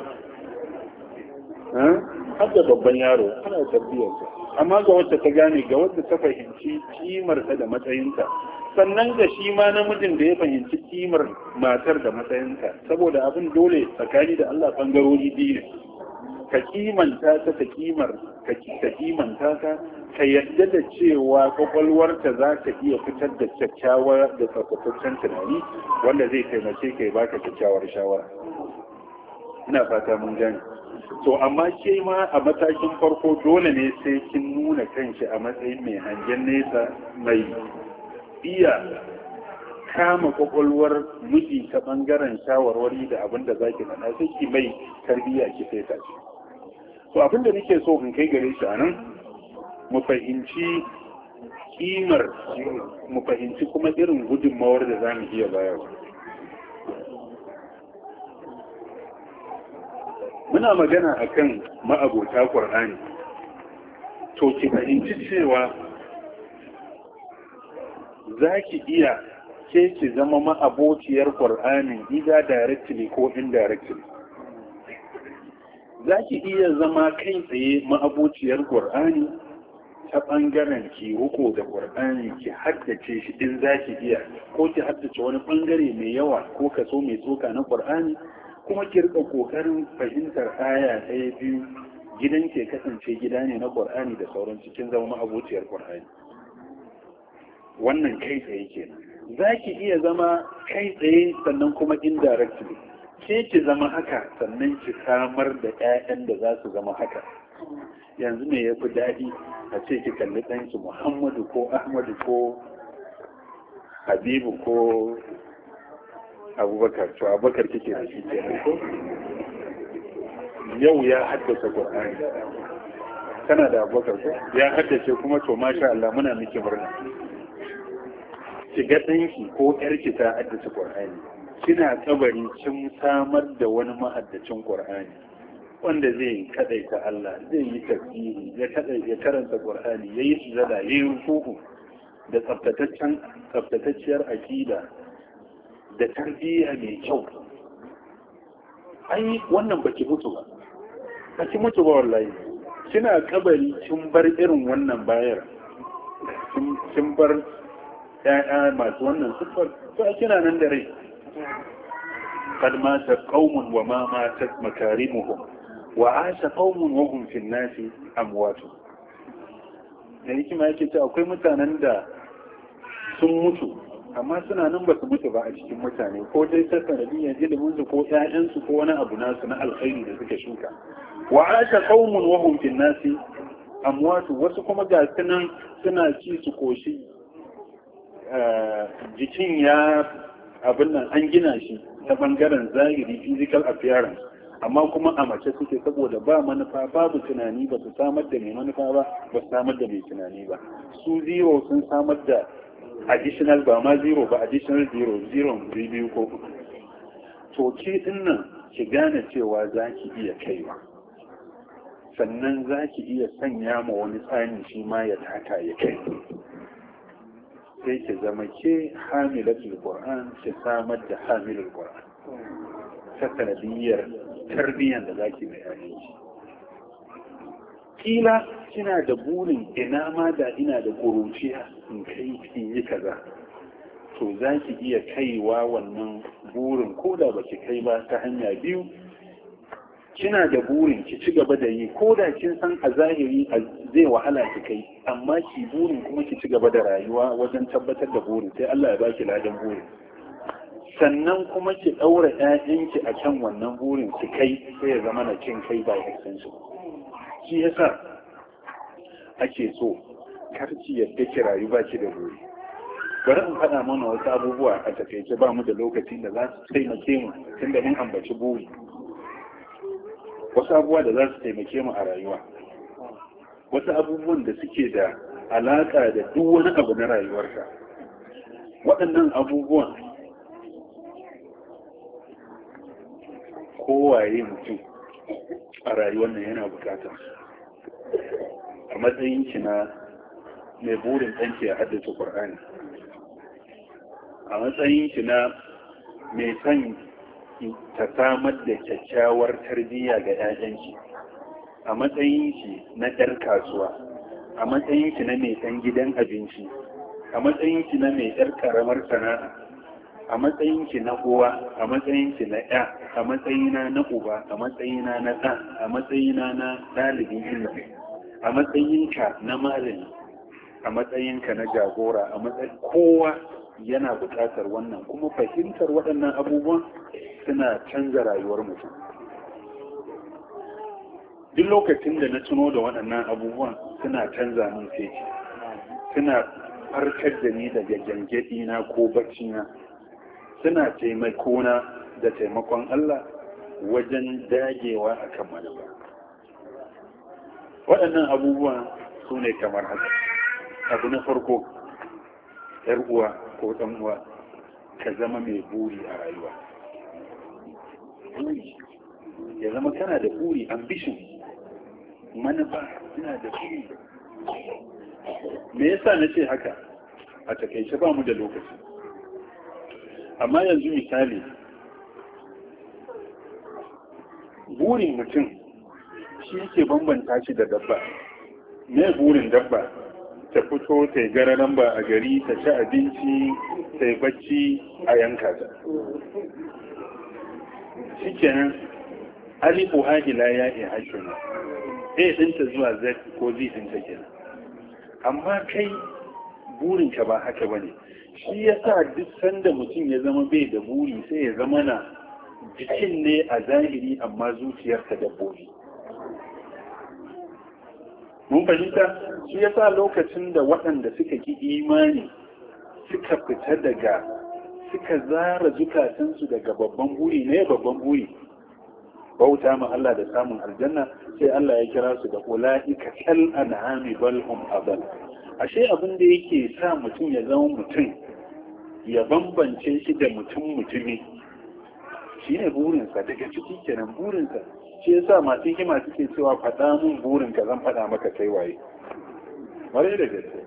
har da babban yaro ana tarbiyarsa amma ga wacce ta gane ga wacce ta fahimci kimarsa da matsayinta sannan ga shi ma namijin da ya fahimci kimar matar da matsayinta saboda abin dole tsakani da Allah bangarori biyu ne ka kimanta ta ta kimar ka kimanta ta ka yadda da cewa kwakwalwarta za ka iya fitar da kyakkyawar da tsakwataccen tunani wanda zai taimace ka ya baka kyakkyawar shawara ina fata mun gane to amma ke ma a matakin farko dole ne sai kin nuna kanki a matsayin mai hangen nesa mai iya kama kwakwalwar miji ta bangaren shawarwari da abin da zaki na sai ki mai tarbiyya ki sai ta ce so abin da nake so in kai gare shi anan mu fahimci kimar mu fahimci kuma irin gudunmawar da za mu iya bayarwa muna magana akan ma'abota ƙwar'ani to ki fahimci cewa za ki iya ke ki zama ma'abociyar ƙwar'ani ida directly ko indirectly za ki iya zama kai tsaye ma'abuciyar ƙur'ani ta ɓangaren ki ruko da ƙur'ani ki haddace shi in za ki iya ko ki haddace wani ɓangare mai yawa ko kaso mai tsoka na ƙur'ani kuma ki rika ƙoƙarin fahimtar aya ɗaya biyu gidan ke kasance gida ne na ƙur'ani da sauran cikin zama ma'abuciyar ƙur'ani wannan kai tsaye kenan za ki iya zama kai tsaye sannan kuma indirectly ke ki zama haka sannan ki samar da ƴaƴan da za su zama haka yanzu ne ya fi daɗi a ce ki kalli ɗanki muhammadu ko ahmadu ko habibu ko abubakar to abubakar kike da shi yau ya haddasa qur'ani kana da abubakar ko ya haddace kuma to masha Allah muna miki murna ki ga ɗanki ko ƴarki ta haddasa qur'ani Kina kabari kin samar da wani ma'addacin qur'ani wanda zai kadaita Allah zai yi tafsiri ya ya karanta qur'ani yayi sujada yayi ruku da tsaftataccen tsaftatacciyar akida da tarbiyya mai kyau ai wannan baki mutu ba baki mutu ba wallahi kina kabari kin bar irin wannan bayar kin bar ya'ya masu wannan siffar to kina nan da rai قد مات قوم وما ماتت مكارمهم وعاش قوم وهم في الناس أموات da كما yake أقول akwai mutanen da sun mutu amma suna nan ba su mutu ba a cikin mutane ko dai ta da mun ko su ko wani abu nasu na alkhairi da suka shuka wa aka qaumun wa hum fil nasi amwatu wasu kuma ga sunan suna ci su koshi eh, jikin ya abin nan an gina shi ta bangaren zahiri physical appearance amma kuma a mace suke saboda ba manufa babu tunani ba su samar da mai manufa ba ba su samar da mai tunani ba su zero sun samar da additional ba ma zero ba additional zero zero biyu ko uku to ke din nan ki gane cewa za ki iya kaiwa sannan za ki iya sanya ma wani tsani shi ma ya taka ya kai sai ki zama ke hamilatul qur'an ki samar da hamilul qur'an ta tarbiyyar tarbiyyar da zaki mai aiki kila kina da burin ina ma da ina da kuruciya in kai in yi kaza to zaki iya kaiwa wannan burin ko da baki kai ba ta hanya biyu kina da burin ki ci gaba da yi ko da kin san a zahiri zai wahala ki kai amma ki burin kuma ki ci gaba da rayuwa wajen tabbatar da burin sai Allah ya baki ladan burin sannan kuma ki ɗaura ‘ya'yanki a kan wannan burin ki kai sai ya zama na kin kai ba extension shi yasa ake so kar ki yadda ki rayu ba ki da buri bari in faɗa mana wasu abubuwa a takaice ba mu da lokacin da za su taimake mu tunda mun ambaci buri wasu abubuwa da za su taimake mu a rayuwa wasu abubuwan da suke da alaƙa da duk wani abu na rayuwarka waɗannan abubuwan kowaye mutum a rayuwar nan yana bukatar a matsayin ki na mai burin ɗanki a haddace ƙwar'ani a matsayin ki na mai sanyi ta samar da kyakkyawar tarbiyya ga 'ya'yanki a matsayinki na 'yar kasuwa a matsayinki na mai ɗan gidan abinci a matsayinki na mai ɗar karamar sana'a a matsayinki na uwa a matsayinki na 'ya a matsayina na uba a matsayina na ɗa a matsayina na ɗalibin ilimi a matsayinka na malami a matsayinka na jagora a matsayin kowa yana buƙatar wannan kuma fahimtar waɗannan abubuwan suna canza rayuwar mutum duk lokacin da na tuno da waɗannan abubuwan suna canza min feki suna farkar da ni daga gyangyaɗi na ko bacci na suna taimako na da taimakon Allah wajen dagewa akan ba waɗannan abubuwan su ne kamar haka abu na farko uwa ko ɗan uwa ka zama mai buri a rayuwa ya zama kana da buri ambition manufa ina da buri me yasa na ce haka a takaice ba mu da lokaci amma yanzu misali burin mutum shi ke bambanta shi da dabba me burin dabba ta fito ta yi gara nan ba a gari ta ci abinci ta yi bacci a yanka ta Cikin alifu hajila ya iya hashuna a dinta zuwa z ko z dinta kenan amma kai burinka ba haka ba ne shi ya sa duk sanda mutum ya zama bai da buri sai ya zama na jikin ne a zahiri amma zuciyarta dabbobi mun fahimta shi yasa lokacin da waɗanda suka ki imani suka fita daga suka zara zukatansu daga babban buri ne babban buri bauta ma Allah da samun aljanna sai Allah ya kira su da ka kal an'ami bal hum abal ashe abin da yake sa mutum ya zama mutum ya bambance shi da mutum mutumi shine burinsa daga ciki kenan burinsa shi yasa masu hikima suke cewa faɗa mun burin ka zan faɗa maka kai waye Mare da gaske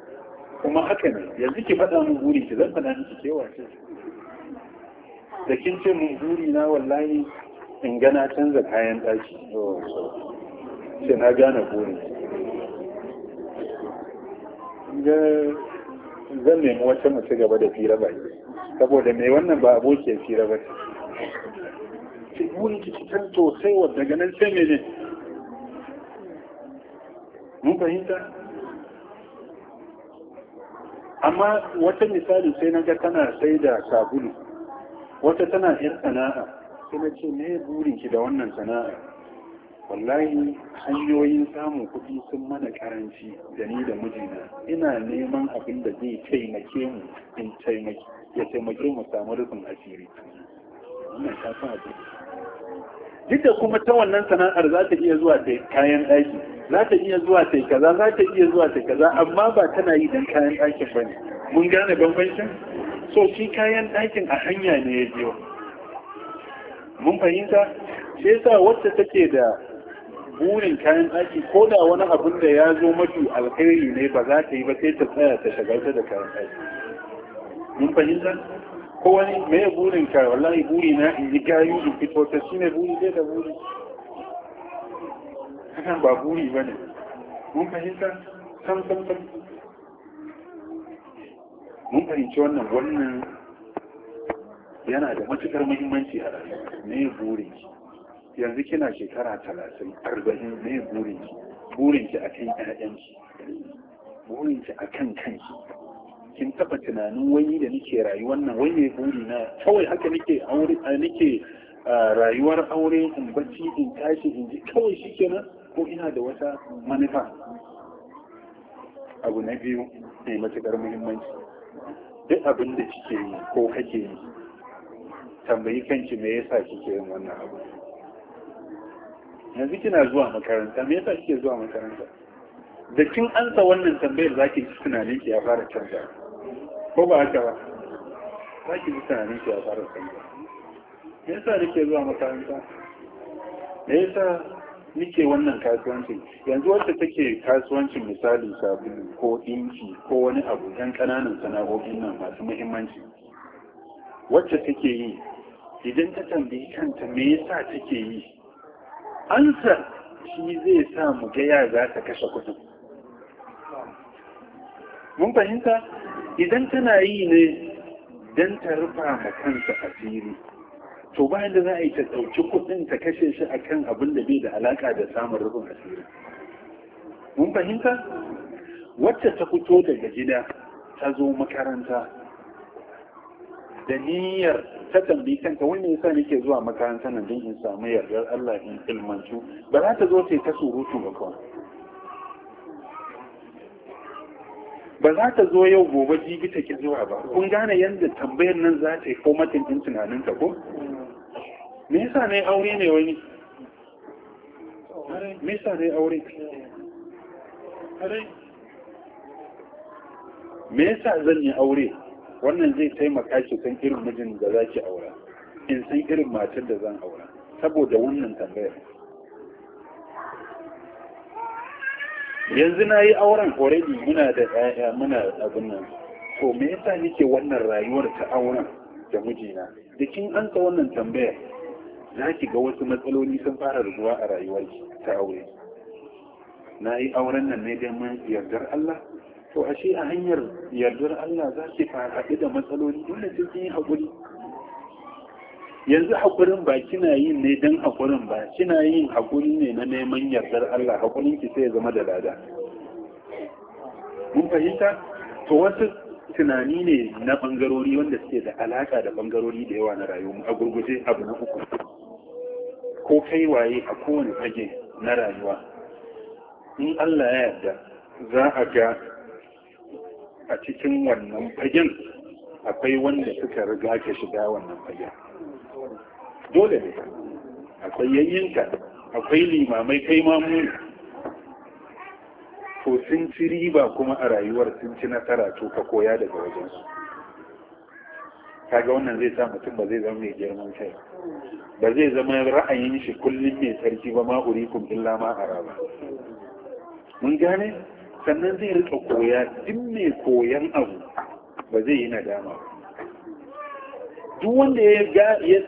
kuma haka ne yanzu ki faɗa mun burin ki zan faɗa miki kai wace da kin ce mun buri na wallahi in gana canza kayan ɗaki sai na gane burin ga zan nemi wata mace gaba da fira bai, saboda mai wannan ba ya fira ba ki cikin tosai daga nan sai mene mun fahimta amma wata misali sai na ga tana sai da sabulu wata tana yin sana'a sai na ce me burin ki da wannan sana'a wallahi hanyoyin samun kuɗi sun mana karanci da ni da mijina ina neman abin da zai taimake mu in taimake ya taimake mu samu rufin asiri wannan ta sa duk da kuma ta wannan sana'ar za ta iya zuwa ta kayan ɗaki za ta iya zuwa ta kaza za ta iya zuwa ta kaza amma ba tana yi don kayan ɗakin ba ne mun gane bambancin so shi kayan ɗakin a hanya ne ya biyo mun fahimta shi yasa wacce take da burin kayan ɗaki ko da wani abun da ya zo mafi alkhairi ne ba za ta yi ba sai ta tsaya ta shagalta da kayan ɗaki mun fahimta ko wani mai burin ka wallahi buri na in ji gayu in fito ta shi ne buri zai da buri hakan ba buri ba ne mun fahimta san sam sam mun fahimci wannan wannan yana da matukar muhimmanci a rayuwa me burin ki yanzu kina shekara talatin arba'in me burin ki burin ki ƴaƴan ki? burin ki a kan kanki kin taba tunanin wani da nake rayuwar nan wani ya buri na kawai haka nake aure nake rayuwar aure in bacci in tashi in ji kawai shikenan ko ina da wata manufa abu na biyu mai matukar muhimmanci duk abin da kike yi ko kake yi tambayi kanki me yasa kike yin wannan abu yanzu kina zuwa makaranta me yasa kike zuwa makaranta da kin ansa wannan tambayar zaki tunanin ki ya fara canza ko ba haka ba za ki ji tunanin a fara sanya me sa nike zuwa makaranta me sa nike wannan kasuwancin yanzu wacce take kasuwanci misali sabulu ko dinki ko wani abu yan kananan sana'o'in nan masu muhimmanci wacce take yi idan ta tambayi kanta me yasa take yi ansa shi zai sa mu ga ya za ta kashe kuɗin mun fahimta idan tana yi ne don ta rufa ma kansa asiri to bayan da za a yi ta ɗauki kuɗin ta kashe shi akan abin da bai da alaƙa da samun rufin asiri mun fahimta wacce ta fito daga gida ta zo makaranta da niyyar ta tambayi kanta wani yasa nake zuwa makaranta nan don in samu yardar Allah in ilmantu ba za ta zo sai ta surutu ba kawai ba za ta zo yau gobe jibi ta ki zuwa ba kun gane yadda tambayar nan za ta yi ko matakin tunaninka ko me yasa ne aure ne wani me yasa ne aure me yasa zan yi aure wannan zai taimaka ki san irin mijin da za ki aura in san irin matar da zan aura saboda wannan tambayar yanzu na yi auren already muna da ɗaya muna abin nan to me yasa nake wannan rayuwar ta auren da mijina da kin ansa wannan tambayar. za ki ga wasu matsaloli sun fara rubuwa a rayuwarki ta aure na yi auren nan ne mun yardar Allah to ashe a hanyar yardar Allah za ki fara da matsaloli dole sai kin yi hakuri? yanzu haƙurin ba kina yin ne don haƙurin ba kina yin haƙuri ne na neman yardar Allah haƙurin ki sai ya zama da lada mun fahimta to wasu tunani ne na bangarori wanda suke da alaka da bangarori da yawa na rayuwa a gurguje abu na uku ko kai waye a kowane fage na rayuwa in Allah ya yarda za a ga a cikin wannan fagen akwai wanda suka riga ka shiga wannan fagen dole ne akwai yayyinka akwai limamai kai mamu to sun ci riba kuma a rayuwar sun ci nasara to ka koya daga wajensu kaga wannan zai sa mutum ba zai zama mai girman kai ba zai zama ra'ayin shi kullum mai sarki ba ma urikum illa ma raba. mun gane sannan zai rika koya duk mai koyan abu ba zai yi nadama ba duk wanda ya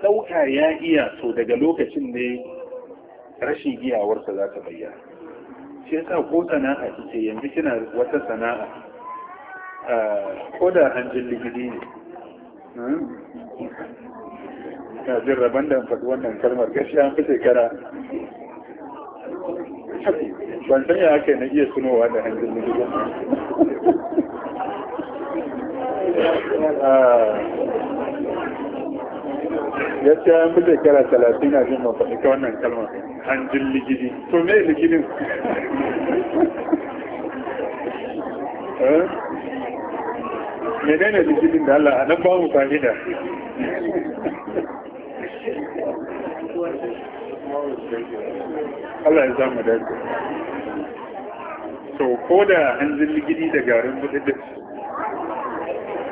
ɗauka ya iya so daga lokacin da rashin giyawarsa za ta bayyana shi yasa ko sana'a ce yanzu kina wata sana'a ko da hanjin ligidi ne hmm? na jin rabon da faɗi wannan kalmar gashi an fi shekara ban san ya ake na iya sunowa da hanjin ligidi (laughs) gaskiya yan bude kara talatin na jin mafa ita wannan kalma jin ligidi to me ligidin eh? menene ligidin da Allah a nan ba mu fahida Allah ya zama dace so ko da an jin ligidi da garin bude duk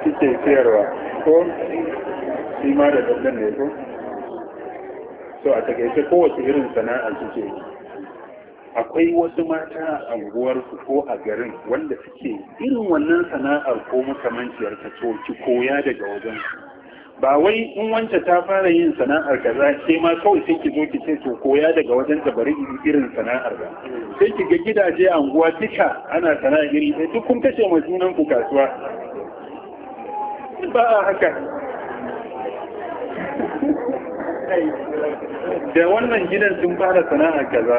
suke siyarwa ko shi ma da dandan ne ko so a takaice kowace irin sana'a suke akwai wasu mata a unguwarsu ko a garin wanda suke irin wannan sana'ar ko makamanciyar ta toki ki koya daga wajen ba wai in wance ta fara yin sana'ar kaza sai ma kawai sai ki zo ki ce to koya daga wajen ta bari irin sana'ar ba sai ki ga gidaje a unguwa duka ana sana'a iri duk kun kashe mai sunan ku kasuwa ba a haka da wannan gidan sun fara sana'a kaza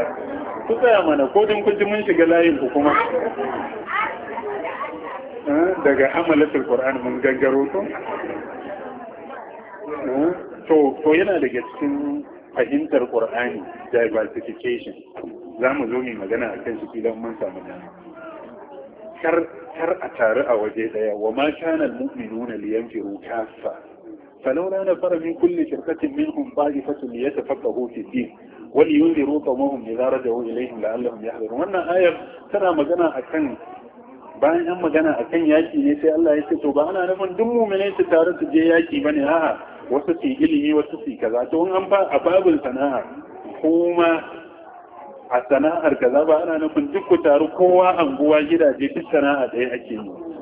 ku tsaya mana ko dun kun ji mun shiga layin ku kuma daga amalatul qur'an mun gangaro to to to yana daga cikin fahimtar qur'ani diversification za mu zo mu magana akan shi idan mun samu dama kar a tare a waje daya wa ma kana al-mu'minuna liyanfiru kaffa فلولا نفر من كل شركة منهم طائفة ليتفقهوا في الدين ولينذروا قومهم إذا رجعوا إليهم لعلهم يحذرون wannan ayar tana magana akan bayan an magana akan yaƙi ne sai Allah ya ce to ba ana nufin duk mu'minai su tare su je yaki bane a'a wasu su ilimi wasu su kaza to in an ba a babin sana'a kuma a sana'ar kaza ba ana nufin duk ku taru kowa anguwa gidaje duk sana'a ɗaya ake yi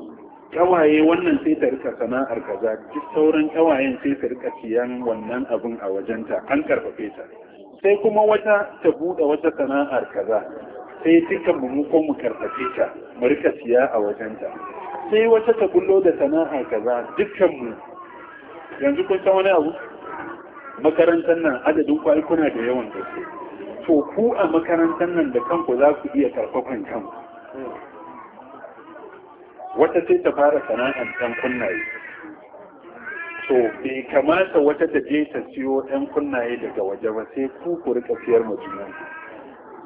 ƙawaye wannan sai ta rika sana'ar kaza duk sauran ƙawayen sai ta rika siyan wannan abun a wajenta an karfafe ta sai kuma wata ta buɗe wata sana'ar kaza sai duka mu ko mu karfafe ta mu rika siya a wajenta sai wata ta kullo da sana'a kaza dukkan mu yanzu kun san wani abu makarantar nan adadin kuna da yawan gaske to ku a makarantar nan da kanku za ku iya karfafan kanku wata sai ta fara sana'ar ɗan kunnaye to bai kamata wata ta je ta siyo ɗan kunnaye daga waje ba sai ku ku rika siyar ma juna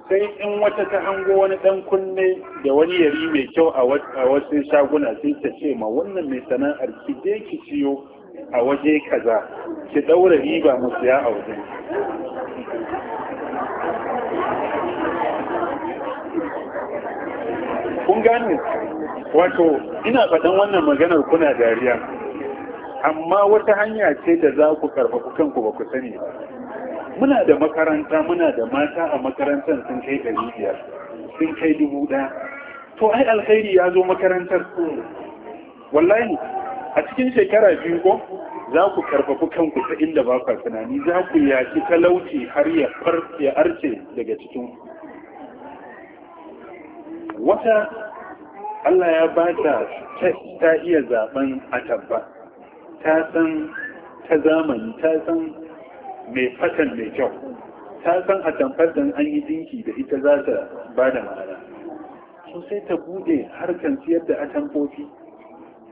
sai in wata ta hango wani ɗan kunne da wani yari mai kyau a wasu shaguna sai ta ce ma wannan mai sana'ar ki je ki siyo a waje kaza ki ɗaura riba mu siya a waje kun gane wato ina faɗan wannan maganar kuna dariya amma wata hanya ce da za ku karfafa kanku ba ku sani ba muna da makaranta muna da mata a makarantar sun kai ɗari biyar sun kai dubu ɗaya to ai alkhairi ya zo makarantar wallahi a cikin shekara biyu ko za ku karfafi kanku ta inda ba ku tunani za ku yaki talauci har ya farce arce daga cikin wata Allah ya ba ta ta iya zaben tabba, ta san ta zamani ta san mai fatan mai kyau ta san atamfar da an yi dinki da ita za ta ba da ma'ana so sai ta bude harkar siyar da atamfofi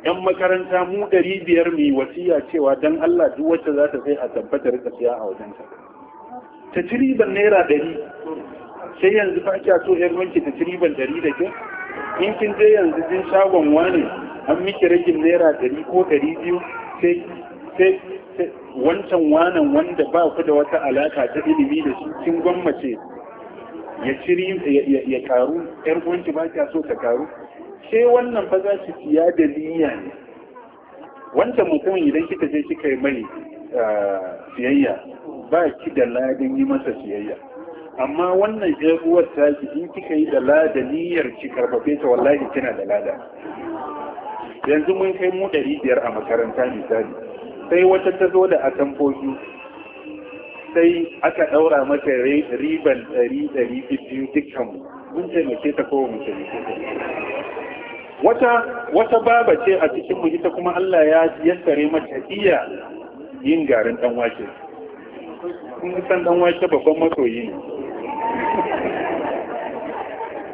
yan makaranta mu ɗari biyar mai wasiya cewa don Allah duk wacce za ta sai a tabbatar ka siya a wajenta ta ci riban naira ɗari sai yanzu fa kya so yar wanke ta ci riban ɗari da ke in kin je yanzu jin shagon wani an miki ragin naira ɗari ko ɗari biyu sai wancan wanan wanda ba ku da wata alaka ta ilimi da shi kin gwammace ya ciri ya karu yar gwanci ba kya so ta karu sai wannan fa za su fiya da niyya ne wancan mutumin idan kika je kika yi mai ah, siyayya ba ki da ladin yi masa siyayya amma wannan ƴan uwar taki in kika yi da lada niyyar ki karfafe ta wallahi kina da lada yanzu mun kai mu ɗari biyar a makaranta misali sai wata ta zo da atamfofi sai aka ɗaura mata riban ɗari ɗari biyu dukkan mun taimake ta ko mu taimake ta wata wata baba ce a cikin mu ita kuma Allah ya yassare mata iya yin garin dan wake kun san dan wake babban masoyi ne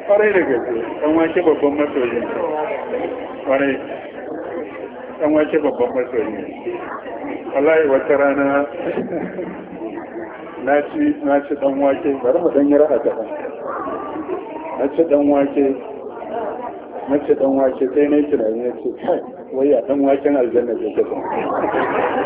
kwarai da gaske dan wake babban masoyi ne kwarai dan wake babban masoyi ne wallahi wata rana (laughs) na ci na ci dan wake bari mu dan yi raha kaɗan na ci dan wake na ci dan wake sai na yi tunani na ce kai wai ya dan waken aljanna zai kasance (laughs)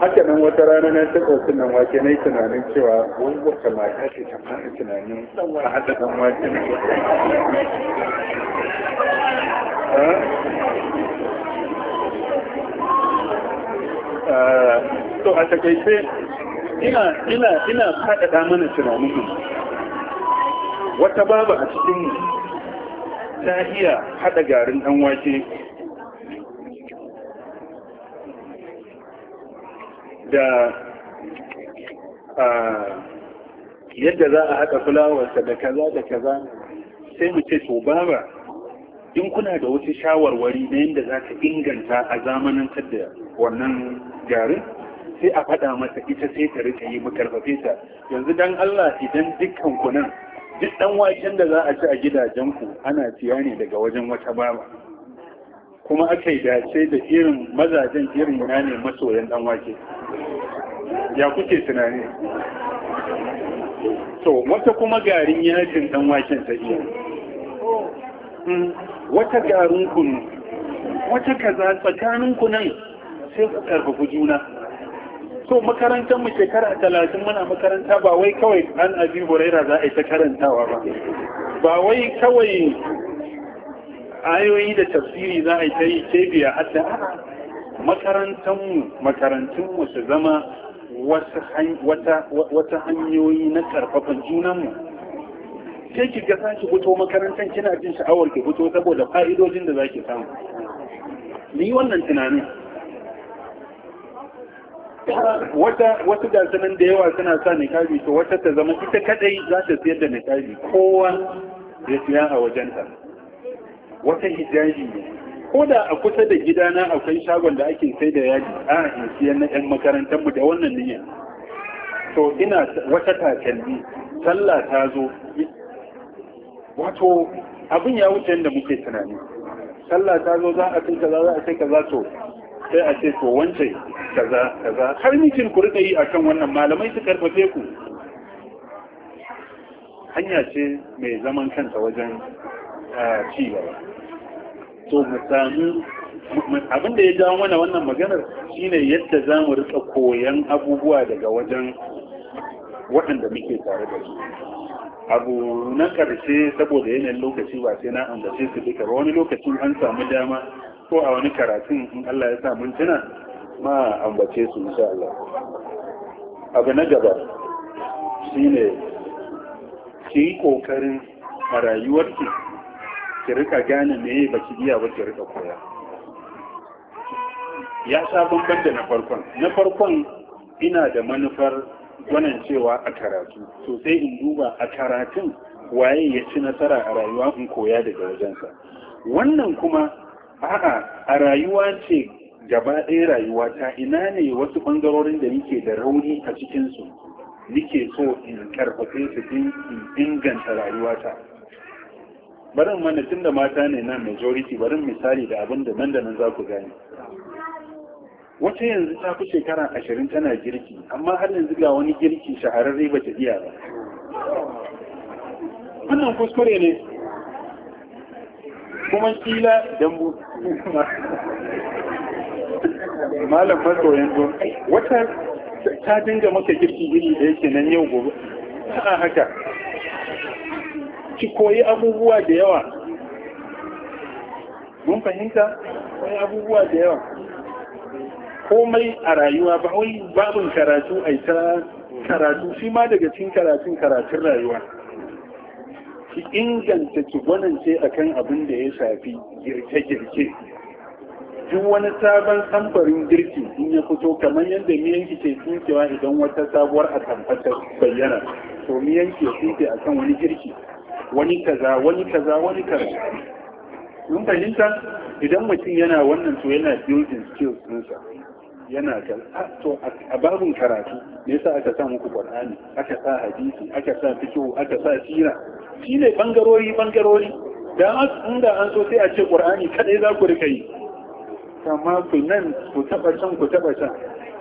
haka nan wata rana na taɓa sunan wake na yi tunanin cewa wani wata mata ce ta fara tunanin a haɗa ɗan wake na to a takaice ina ina ina faɗaɗa mana tunanin wata babu a cikin ta iya haɗa garin ɗan wake da yadda za a haɗa fulawarsa da kaza da kaza sai mu ce to baba in kuna da wasu shawarwari na yadda za ka inganta a zamanantar da wannan garin sai a faɗa masa ita sai ta rika yi mu karfafe ta yanzu dan Allah idan dukkan ku nan duk ɗan waken da za a ci a gidajenku ana siya ne daga wajen wata baba kuma aka yi dace da irin mazajen irin na ne masoyan ɗan wake ya kuke tunani to wata kuma garin yajin ɗan waken ta iya wata garin kunu wata kaza tsakanin kunan sai ku ƙarfafi juna so makarantar mu shekara talatin muna makaranta ba wai kawai an abi buraira za a yi ta karantawa ba ba wai kawai ayoyi da tafsiri za a yi ta yi kebiya hadda makarantar mu makarantun mu su zama wata hanyoyi na karfafan junan mu sai ki ga saki fito makarantar kina jin sha'awar ki fito saboda fa'idojin da zaki samu ni wannan tunanin wata wata gasanin da yawa suna sa nikabi to wata ta zama ita kadai za ta siyar da nikabi kowa ya siya a wajenta wata hijabi ne ko da a kusa da gidana akwai shagon da ake sai da yaji a in siya na yan makarantar mu da wannan niyya to ina wata takalmi sallah ta zo wato abin ya wuce da muke tunani sallah ta zo za a kai kaza za a kai kaza to sai a ce to wancan kaza kaza har ni ku rika yi akan wannan malamai su karfafe ku hanya ce mai zaman kanta wajen ci gaba to mu abin da ya jawo mana wannan maganar shine yadda za mu rika koyan abubuwa daga wajen waɗanda muke tare da su abu na ƙarshe saboda yanayin lokaci ba sai na ambace su duka ba wani lokacin an samu dama ko a wani karatun in Allah ya sa mun tuna ma ambace su insha Allah abu na gaba shine ki yi kokarin a rayuwarki ki rika gane me ba ki iya ba ki rika koya ya sha bambam da na farkon na farkon ina da manufar gwanan cewa a karatu sosai in duba a karatun waye ya ci nasara a rayuwa in koya daga wajensa wannan kuma a'a a rayuwa ce gaba ɗaya rayuwa ta ina ne wasu ɓangarorin da nike da rauni a cikinsu nike so in karfafe su in inganta rayuwata barin mana tun da mata ne nan majority barin misali da abin da nan da nan za ku gane wata yanzu ta fi shekara ashirin tana girki amma har yanzu ga wani girki shahararre ba ta iya ba wannan kuskure ne kuma kila dambu malam farko yanzu wata ta dinga maka girki iri da yake nan yau gobe a haka ki koyi abubuwa da yawa mun fahimta koyi abubuwa da yawa komai a rayuwa ba wai babin karatu a ta karatu shi ma daga cin karatun karatun rayuwa ki inganta ki a kan abin da ya shafi girke-girke duk wani sabon samfarin girki in ya fito kamar yadda miyanki ke tsinkewa idan wata sabuwar a tamfata bayyana to miyanki ya tsinke a kan wani girki wani kaza wani kaza wani kaza mun fahimta idan mutum yana wannan to yana building skills ɗinsa yana kan ah, to a babin karatu me yasa aka sa muku qur'ani aka sa hadisi aka sa fiqh aka sa sira shi ne bangarori bangarori da inda an so sai a ce ƙur'ani kaɗai za ku rika yi amma ku nan ku taɓa can ku taɓa can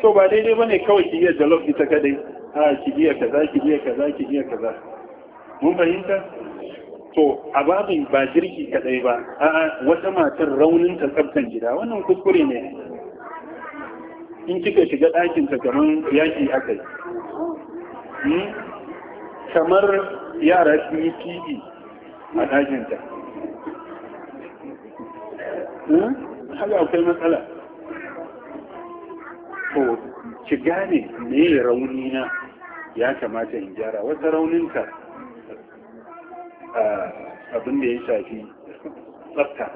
so ba daidai bane kawai ki iya jalof ita kadai a ki iya kaza ki iya kaza ki iya kaza mun fahimta to a babin ba jirki kaɗai ba a'a wata matar raunin ta gida wannan kuskure ne in kika shiga ɗakin ta kaman yaki akai kamar yara sun yi tv e a ɗakinta hmm? haka akwai matsala to ki gane me rauni na ya kamata in gyara wata rauninka ah, abin da ya shafi tsafta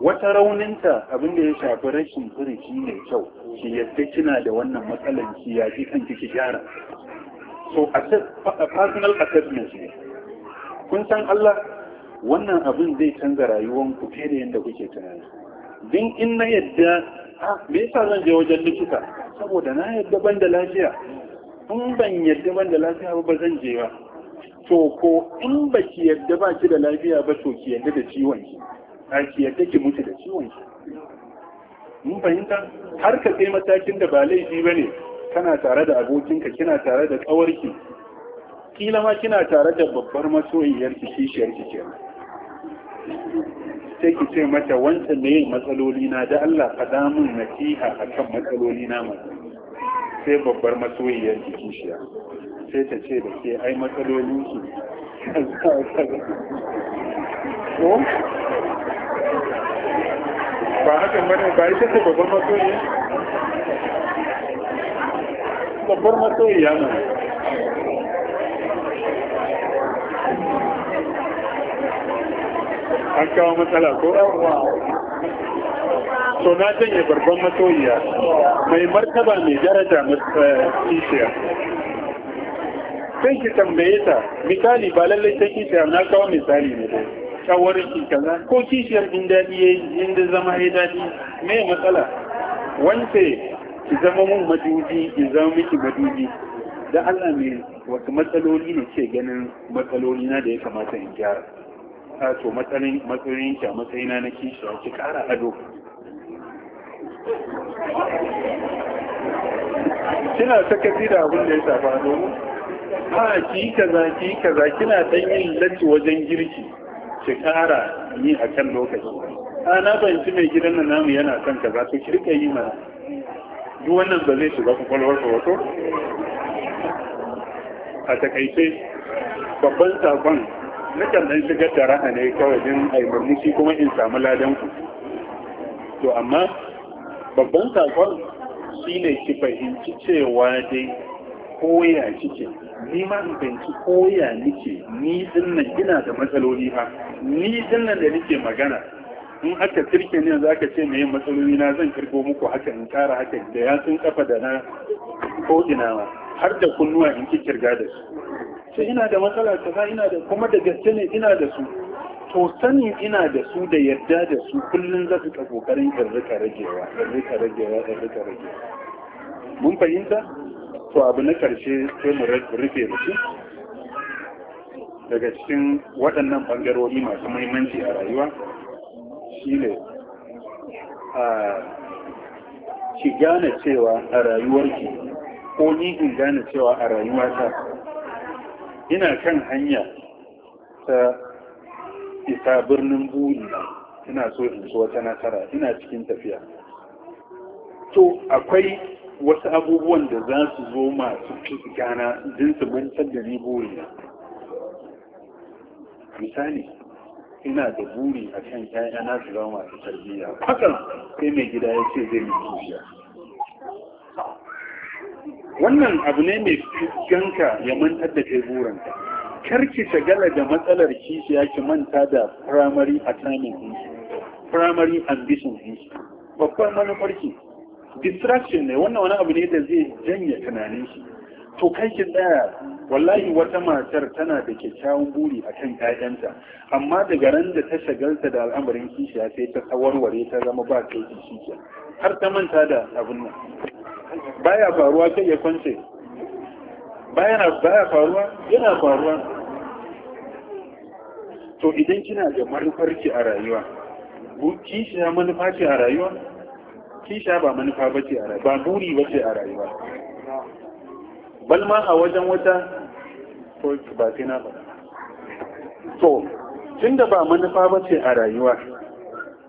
wata rauninta abin da ya shafi rashin furuci mai kyau shi yadda kina da wannan matsalan shi ya fi kanki ki gyara so personal assessment ne kun san Allah wannan abin zai canza rayuwar ku fiye da yadda kuke tunani din in na yadda ah, me yasa zan je wajen likita saboda na yadda ban da lafiya in ban yadda ban da lafiya ba ba zan je ba to ko in ba ki yadda ba ki da lafiya ba to ki yadda da ciwon ki a ki yadda ki mutu da ciwon ki mun fahimta har ka kai matakin da ba laifi ba ne kana tare da abokinka kina tare da kawarki kila ma kina tare da babbar masoyiyar ki kishiyar ki kenan sai ki ce mata wancan ne matsaloli na da Allah faɗa min nasiha akan matsaloli na mu sai babbar masoyiyar ki kishiya sai ta ce da ke ai matsaloli ki ba haka mana ba ita ce babbar masoyiyar babbar masoyiya mana an kawo matsala ko so na janye babban masoyiya mai martaba mai daraja eh, kishiya sai ki tambaye ta misali ba lallai ta kishiya na kawo misali ne dai shi kaza ko kishiyar in daɗi ya yi inda zama ya daɗi me matsala wance zama mun madubi in zama miki madubi da Allah ne wasu matsaloli ne ce ganin matsaloli na da ya kamata in gyara a to matsalin matsalolin ki a matsayina na kishi ki kara ado kina sakaci da abin da ya shafa domin ha ki kaza ki kaza kina dan yin latti wajen girki ki kara yi akan lokaci a na fahimci mai gidan nan namu yana son kaza to ki rika yi mana duk wannan ba zai shiga kwakwalwar wato a takaice babban sabon na dan shigar da raha ne kawai din a murmushi kuma in samu ladan ku to amma babban shi shine ki fahimci cewa dai koya kike ni ma in fahimci koya nike ni dinnan ina da matsaloli ba ni dinnan da nike magana in aka kirke ne za ka ce mai matsaloli na zan kirgo muku haka in kara haka da ya sun kafa da na ko'ina ma har da kunnuwa in ki kirga da su sai ina da matsala ta sa ina da kuma da gaske ne ina da su to sanin ina da su da yarda da su kullum za su ka kokarin in rika ragewa in rika ragewa in rika mun fahimta to abu na karshe sai mu rufe da daga cikin waɗannan ɓangarori masu muhimmanci a rayuwa shine ki gane cewa a rayuwarki ko ni in gane cewa a rayuwata ina kan hanya ta isa birnin buri ina so in ci wata nasara ina cikin tafiya to akwai wasu abubuwan da za su zo masu fi gana din su mantar da ni buri misali ina da buri a kan ƴaƴana su zama masu tarbiyya hakan sai mai gida ya ce zai mai kishiya wannan abu ne mai ganka ya mantar da kai burinka karki shagala da matsalar ya ki manta da primary assignment din primary ambition din babban manufarki distraction ne wannan wani abu ne da zai janye tunanin shi to kai ki tsaya wallahi wata matar tana da kyakkyawan buri a kan ƴaƴanta amma daga ran da ta shagalta da al'amarin kishiya sai ta tsawarware ta zama ba kai kishiya har ta manta da abin nan baya faruwa kai ya kwance baya baya faruwa yana faruwa to idan kina da manufarki a rayuwa kishiya manufa ce a rayuwa kishiya ba manufa bace a rayuwa ba buri bace a rayuwa ma a wajen wata ko ba sai na ba to tun da ba manufa ba ce a rayuwa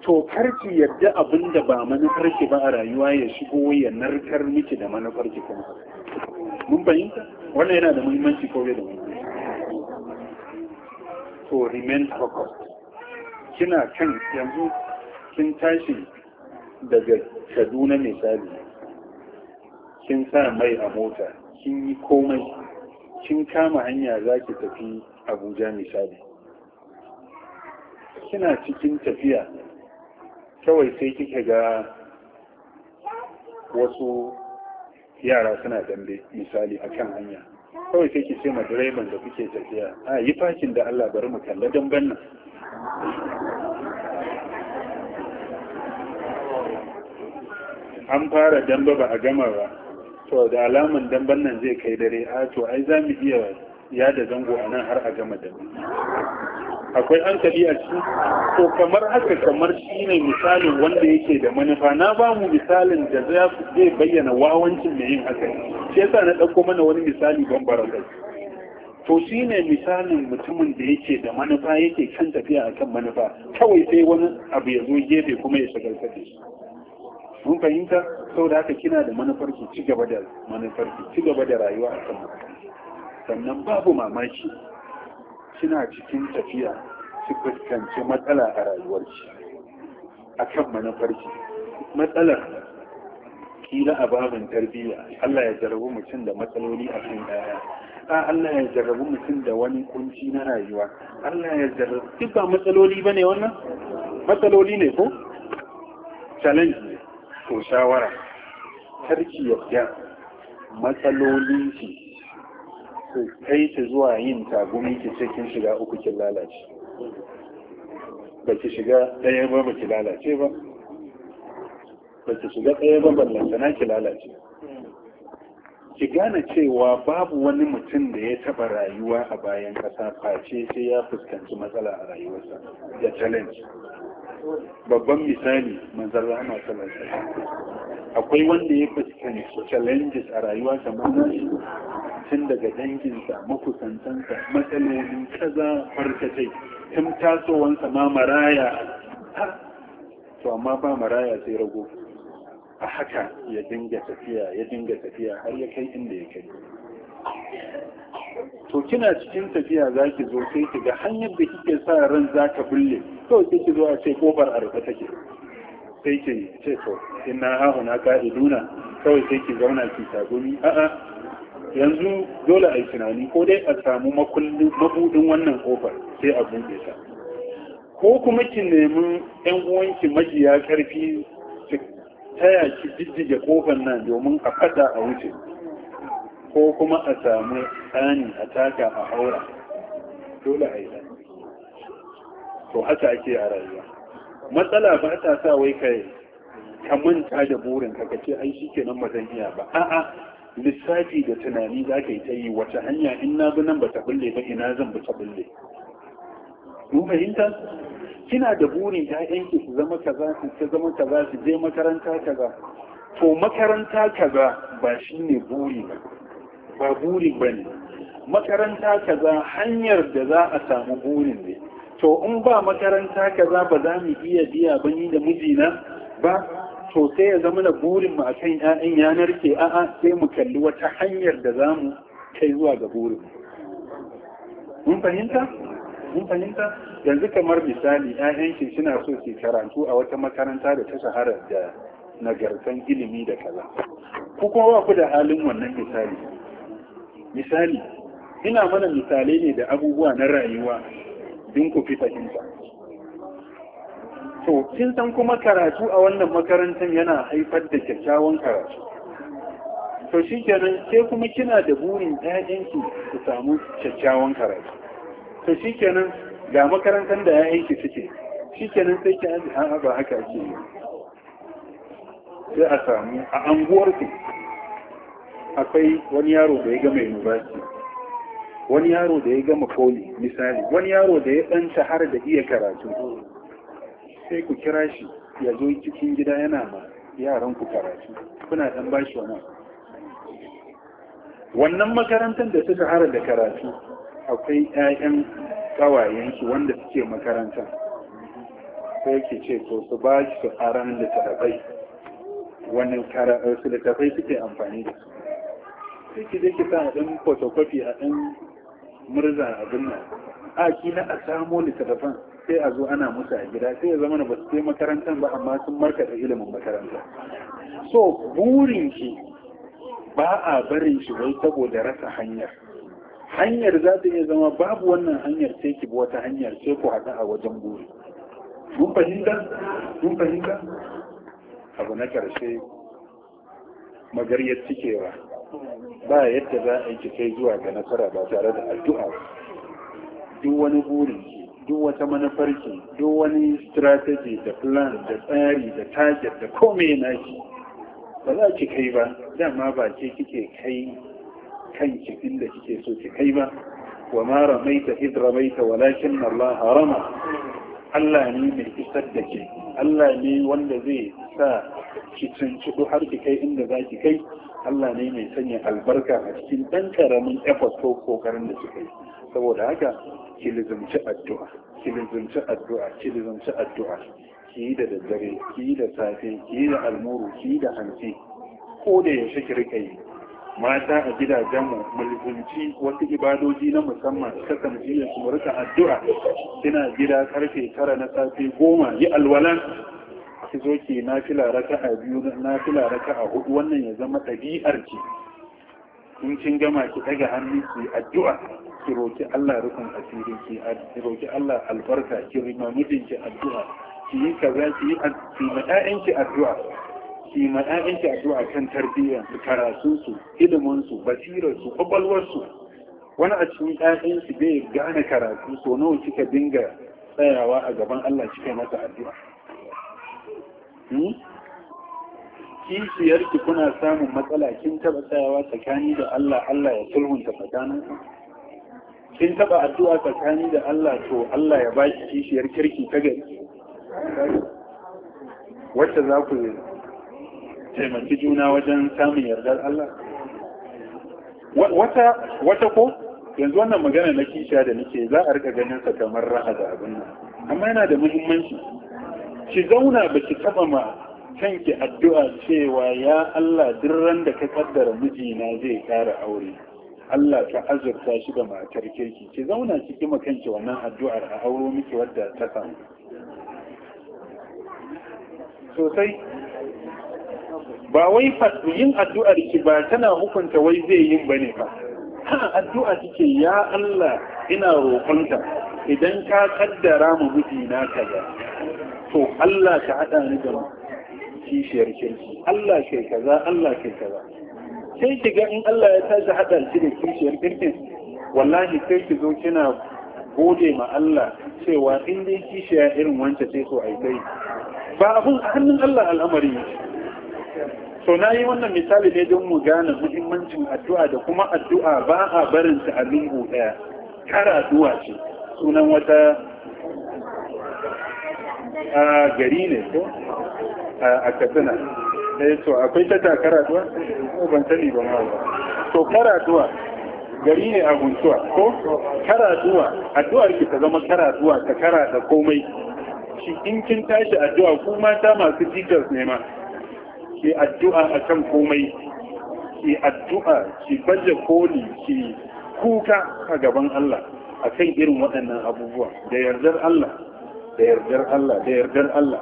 to karki yadda abin da ba manufar ki ba a rayuwa ya shigo ya narkar miki da manufar ki kuma mun fahimta wannan yana da muhimmanci ko da muhimmanci to remain focused kina kan yanzu kin tashi daga kaduna misali kin sa mai a mota kin yi komai kin kama hanya za ki tafi abuja misali kina cikin tafiya kawai sai kika ga wasu yara suna dambe misali a kan hanya kawai sai ki ce ma direban da kuke tafiya a ah, yi fakin da allah bari mu kalla damben nan an fara damba ba a gama ba to da alaman damban nan zai kai dare a to ai za mu iya ya da zango a nan har a gama da akwai hankali a ciki to kamar haka kamar shi ne misalin wanda yake da manufa na ba mu misalin da zai bayyana wawancin mai yin haka shi yasa na ɗauko mana wani misali bambara kai to shi ne misalin mutumin da yake da manufa yake kan tafiya akan manufa kawai sai wani abu ya zo gefe kuma ya shagaltar da shi mun fahimta sau da haka kina da manufarki ci gaba da manufarki ci gaba da rayuwa a kan sannan babu mamaki kina cikin tafiya su fuskanci matsala a rayuwar shi a kan manufarki matsalar kila a babin tarbiyya Allah ya jarabu mutum da matsaloli a kan daya a Allah ya jarabu mutum da wani kunci na rayuwa Allah ya jarabu duk ba matsaloli ba ne wannan matsaloli ne ko challenge ne to shawara karki matsalolin shi su kai ta zuwa yin tagumi ki ce kin shiga uku kin lalace ba ki shiga ɗaya ba ba ki lalace ba ba ki shiga ɗaya ba na ki lalace ki gane cewa babu wani mutum da ya taɓa rayuwa a bayan ƙasa face sai ya fuskanci matsala a rayuwarsa da challenge babban misali manzan rahama salasa. akwai wanda ya fuskanci challenges a rayuwa kamar nashi tun daga danginsa makusantansa matsalolin kaza farkatai tun tasowansa ma maraya to amma ba maraya sai rago a haka ya dinga tafiya ya dinga tafiya har ya kai inda ya kai to kina cikin tafiya za ki zo sai ki ga hanyar da kike sa ran za ka bulle kawai sai ki zo a ce kofar a take sai ki ce to ina hahu na ka'iduna kawai sai ki zauna ki tagumi a'a yanzu dole a yi tunani ko dai a samu mabuɗin wannan kofar sai a bude ta ko kuma ki nemi yan uwanki majiya karfi su taya ki jijjiga kofar nan domin a fada a wuce ko kuma a samu tsani a taka a haura dole a yi to haka ake a rayuwa matsala ba ta sa wai kai ka manta da burin ka ce an shi kenan ba zan iya ba a'a lissafi da tunani za ka yi ta yi wata hanya in na bi nan ba ta bulle ba ina zan bi ta bulle mu fahimta kina da burin ƴaƴanki su zama kaza su ta zama kaza su je makaranta kaza to makaranta kaza ba shine buri ba ba buri ba ne makaranta kaza hanyar da za a samu burin ne to in ba makaranta kaza ba za mu iya biya ba ni da mijina ba to sai ya zama na burin mu kan ƴaƴan yanar ke a'a sai mu kalli wata hanyar da za mu kai zuwa ga burin mun fahimta mun fahimta yanzu kamar misali ƴaƴan ki suna so ke karatu a wata makaranta da ta shahara da nagartan ilimi da kaza ku kuma ku da halin wannan misali misali ina mana misalai ne da abubuwa na rayuwa don ku fi fahimta to kin san kuma karatu a wannan makarantar yana haifar da kyakkyawan karatu to shi kenan sai kuma kina da burin ki su samu kyakkyawan karatu to shi kenan ga makarantar da ya aiki suke shi kenan sai ki a'a ba haka ake yi sai a samu a anguwarku akwai wani yaro da ya gama university wani yaro da ya gama koli misali wani yaro da ya dan shahara da iya karatu sai ku kira shi ya zo cikin gida yana ma yaran ku karatu kuna dan shi wani wannan makarantar da su shahara da karatu akwai 'ya'yan ƙawayensu wanda suke makaranta, sai ke ce to su ba su aran littattafai wani su littattafai suke amfani da su suke ki je ki sa dan fotokofi a ɗan murza abin nan a ki a samo littattafan sai a zo ana musa a gida sai ya zama na ba su makarantar ba amma sun markaɗa ilimin makaranta so burin ki ba a barin shi wai saboda rasa hanyar hanyar za ta iya zama babu wannan hanyar sai ki bi wata hanyar sai ku haɗa a wajen buri mun fahimta mun fahimta abu na ƙarshe magaryar cikewa ba yadda za a yi kai zuwa ga nasara ba tare da addu'a duk wani burin duk wata manufarki duk wani strategy da plan da tsari da target da komai naki ba za ki kai ba dama ba ke kike kai kanki inda kike so ki kai ba wa ma ramaita id ramaita walakin Allah harama Allah ne mai isar da ke Allah ne wanda zai sa ki tuntuɗu har ki kai inda za ki kai Allah ne mai sanya albarka a cikin ɗan ƙaramin effort ko kokarin da suka yi saboda haka ki lizumci addu'a ki lizumci addu'a ki lizumci addu'a ki yi da daddare ki yi da safe ki yi da almuru ki yi da hantsi ko da yaushe ki rika yi mata a gidajenmu mulkunci wasu ibadoji na musamman ta samjiyar su rika addu'a kina gida karfe tara na safe goma yi alwala ki zo ki nafila a biyu nafila a hudu wannan ya zama ɗabi'ar ki in kin gama ki daga hannu ki addu'a ki roki Allah rukun asirin ki roki Allah albarka ki rima ki addu'a ki yi kaza ki yi ki addu'a ki addu'a kan tarbiyyar su karatun su ilimin su basirar su kwakwalwar su wani a cikin ƴaƴan su bai gane karatu so nawa kika dinga tsayawa a gaban Allah kika masa addu'a Hmm? kishiyarki kuna samun matsala kin taba tsayawa tsakani da Allah Allah ya sulhunta tsakaninku kin taba addu'a tsakani da Allah to Allah ya baki ki kishiyar kirki ta gari wacce za ku taimaki juna wajen samun yardar Allah wata wata ko yanzu wannan magana na kishiya da nake za a rika ganin sa kamar raha da abin nan amma yana da muhimmanci ki zauna ba ki taba ma kanki addu'a cewa ya Allah duk da ka kaddara mijina zai kara aure Allah ka azurta shi da matar kirki ki zauna ki kima kanki wannan addu'ar a auro miki wadda ta samu sosai ba wai yin addu'ar ki ba tana hukunta wai zai yin bane Ha! addu'a kike ya Allah ina roƙonka idan ka kaddara mu mijina kaza to Allah ka haɗa ni da kishiyar kirki Allah ke kaza Allah ke kaza sai ki ga in Allah ya tashi haɗa ki da kishiyar kirkin wallahi sai ki zo kina gode ma Allah cewa in dai kishiya irin wancan sai so ai kai ba abun hannun Allah al'amari so na yi wannan misali ne don mu gane muhimmancin addu'a da kuma addu'a ba a barin ta a lungu ɗaya kara addu'a ce sunan wata a gari ne ko a katsina eh to akwai ta karaduwa ko ban sani ba ma to karaduwa gari ne a guntuwa ko karaduwa addu'ar ki ta zama karaduwa ta kara da komai shi in kin tashi addu'a ku mata masu jikas ne ma ki addu'a a kan komai ki addu'a ki baje koli ki kuka a gaban Allah a kan irin waɗannan abubuwa da yardar Allah da yardar Allah da yardar Allah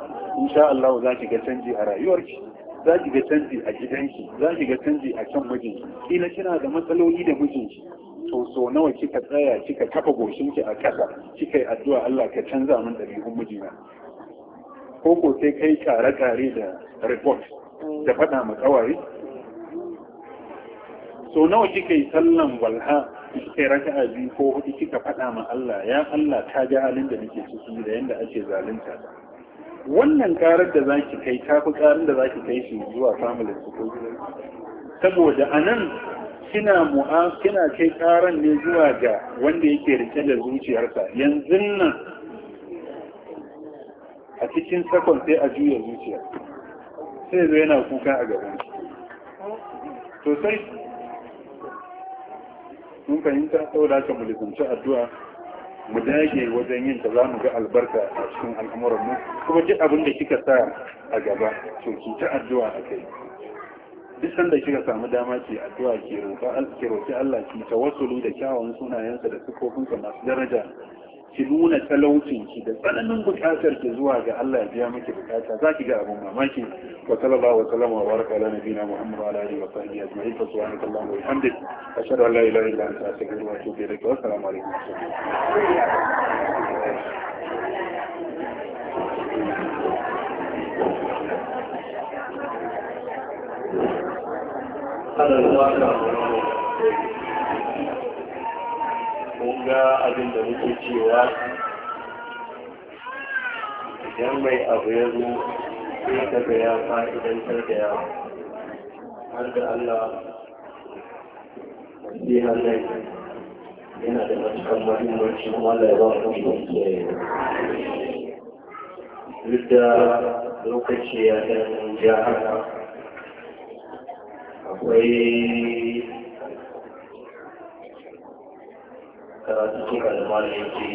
sha Allah za ki ga canji a rayuwarki za ki ga canji a gidanki za ki ga canji a kan mijinki kila kina da matsaloli da mijinki to so nawa kika tsaya kika kafa goshinki a kasa kika yi addu'a Allah ka canza min dabi'un mijina ko ko sai kai kare-kare da report da faɗa ma kawai so nawa kika yi sallan walha kai raka'a biyu ko hudu kika faɗa ma Allah ya Allah ta ji halin da nake ciki da yanda ake zalunta wannan karar da zaki kai ta fi karar da zaki kai shi zuwa family su saboda anan kina mu'a kina kai karan ne zuwa ga wanda yake rike da zuciyarsa yanzu nan a cikin sakon sai a juya zuciya sai zo yana kuka a gaban to sai mun fahimta saboda haka mu lisanci addu'a mu dage wajen yin ta za mu ga albarka a cikin al'amuran mu kuma duk abin da kika sa a gaba to ki ta addu'a kai duk sanda kika samu dama ki addu'a ki roƙa roƙi Allah ki tawassuli da kyawun sunayensa da sifofinsa masu daraja ki nuna talaucin ki da tsananin bukatar ki zuwa ga Allah ya biya miki bukata za ki ga abun mamaki wa sallallahu wa sallama wa baraka ala nabiyina muhammad wa ala alihi wa sahbihi ajma'in fa subhanaka allahumma wa bihamdik ashhadu an la ilaha illa anta astaghfiruka wa atubu ilaik wa assalamu alaikum wa rahmatullahi Thank you. kun abin da muke cewa idan mai abu ya zo sai ka ga ya fa'idantar da yawa har da Allah sai hannun yana da matukan mahimmanci kuma Allah ya ba duk da lokaci ya dan ja haka akwai karatu suka da malamin ke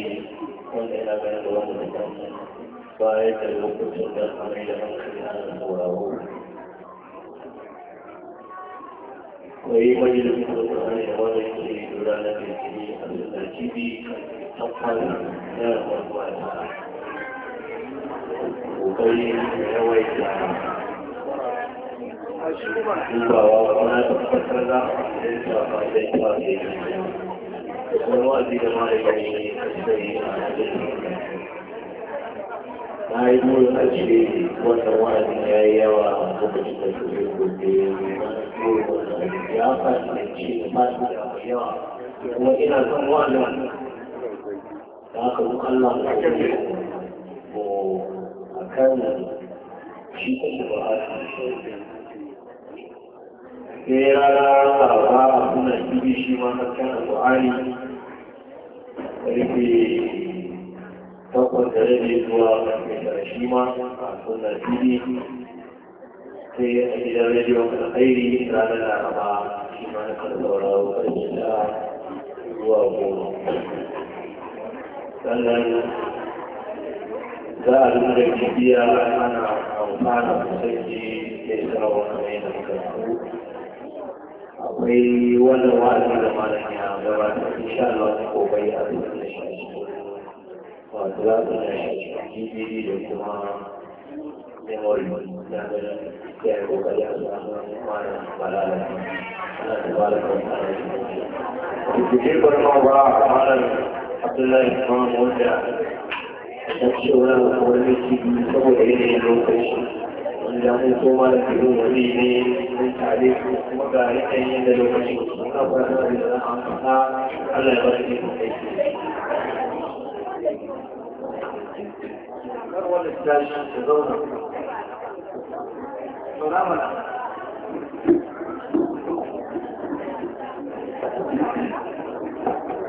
wanda yana ganin da wanda ya baya da lokacin da amai da hankali na da sauraro wai majalisun da kuma da wanda ke lura na da ke yi a da kibi ta kwana na rabuwa da kokari da yawaita dubawa kuma da ba da amfani da ya shafa da ya shafa da ya shafa wani wa'azi da ma ya yi sai a na yi burin a cire a lokacin da su yi gobe ya ba ina a kan shi shi ma na kan karfe takwas da rabi zuwa karfe da shi ma a sunna tv sai a gidan rediyon alkhairi ranar laraba shi ma na kan sauraro karfe da zuwa goma sannan za a duka da bibiya ana amfana sosai da ya sarrafa kamar yadda muka akwai wannan wa'azi da malam ya gabatar insha Allah ta a cikin shi wato za su na shi da kuma memory da ga ya yi kokari a ana da malaka wata ana shi kuma shi kuma ba a malar Abdullahi kuma wanda ta ce wani wani saboda yanayin lokaci da mu ko malam kiro wani ne mun tare kuma ga yakan yin da lokacin ka ba da da amsa Allah ya bari ku kai karwar da ta shi ta zauna saura mana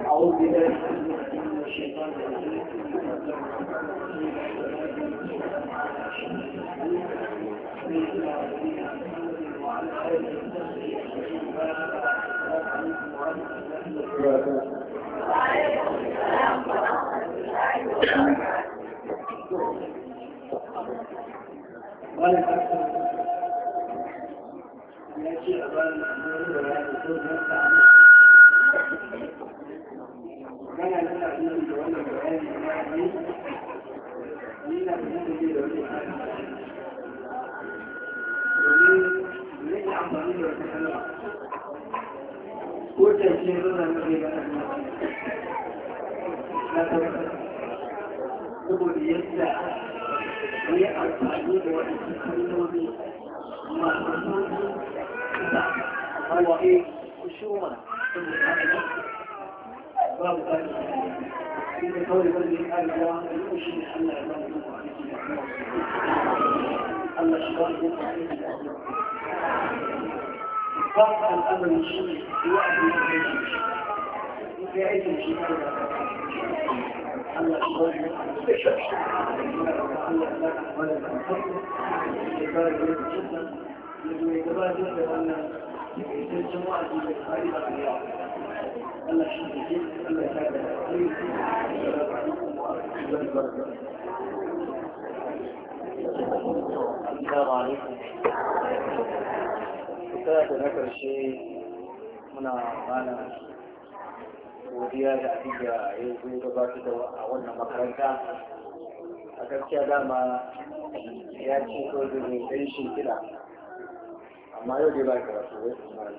أعوذ بالله wani ƙasar ya ce a bayan da ya ce ko don samu yana da tarihi da wannan bayani ya yi ni na da yadda da wani hali domin ne amfani da wata kalma saboda yadda ya amfani da waɗansu kalmomi masu sauƙi da hawaye kushuma da mutane ba mu kare shi da kawai wanda ya kare ya hankali ko shi ne Allah ya ba mu kwanaki da kuma Allah shi ba mu kwanaki da kuma ضغط الأمر الشيء الواحد من الجيش وفي عيد الجيش الله شوية الله لك ولا تنفضل يبارك لك جدا يبارك لك أن الجماعة دي قريبة اليوم الله شوية جدا الله تعالى السلام عليكم ورحمة الله وبركاته السلام عليكم tambaya da na karshe muna mana godiya da abin da ya zo gabatar da a wannan makaranta a gaskiya dama ya ce ko da zai ɗan shi kira amma yau dai ba karatu wai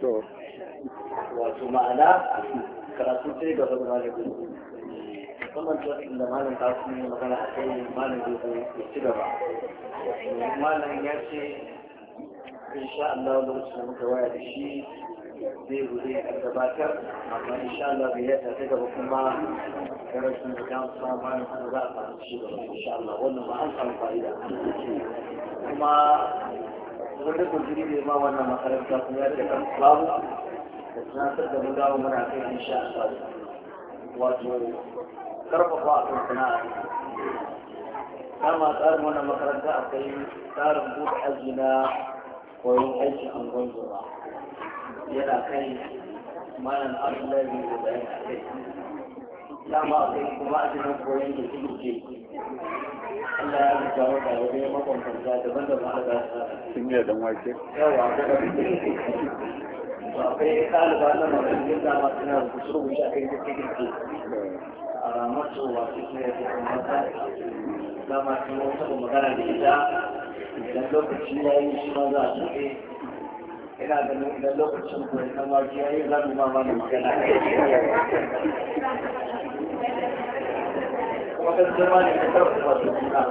su wato ma'ana karatu sai gaba da malamin Kuma ta inda malam ta su magana a kai malam zai zo ya ci gaba malam ya ce إن شاء الله نسلم كوائد الشيء ديه وديه الدباكر إن شاء الله بيئة تتبع كما كرجت من مكان صامان ونضاق عن الشيء إن شاء الله وانه مع أنقى الفائدة كما ولكن جديد ما وانا ما خرجت من يد كان صلاب وتناسب المداوم من عقيد إن شاء الله واجو كرب الله ربنا كما تعلمون مخرجات كي تعلم بوت حزنا koyon aikin angon zuwa yana kai malam abdullahi da bayan a kai dama a kai kuma a cikin koyon da shi ke Allah ya rubuta da wajen makwamfanta daban da ba da sun yi dan wake yawa ko ba akwai ɗaliba na makarantun da masu na rubutu rubuta a kai da ke a ramar cewa su ne da kuma mata dama sun wata magana da ita idan lokacin ya yi shi ma za a tafi ina ganin idan lokacin ko na maki ya yi za mu ma ma mana magana kuma kan ma ne da kawai ba su kuma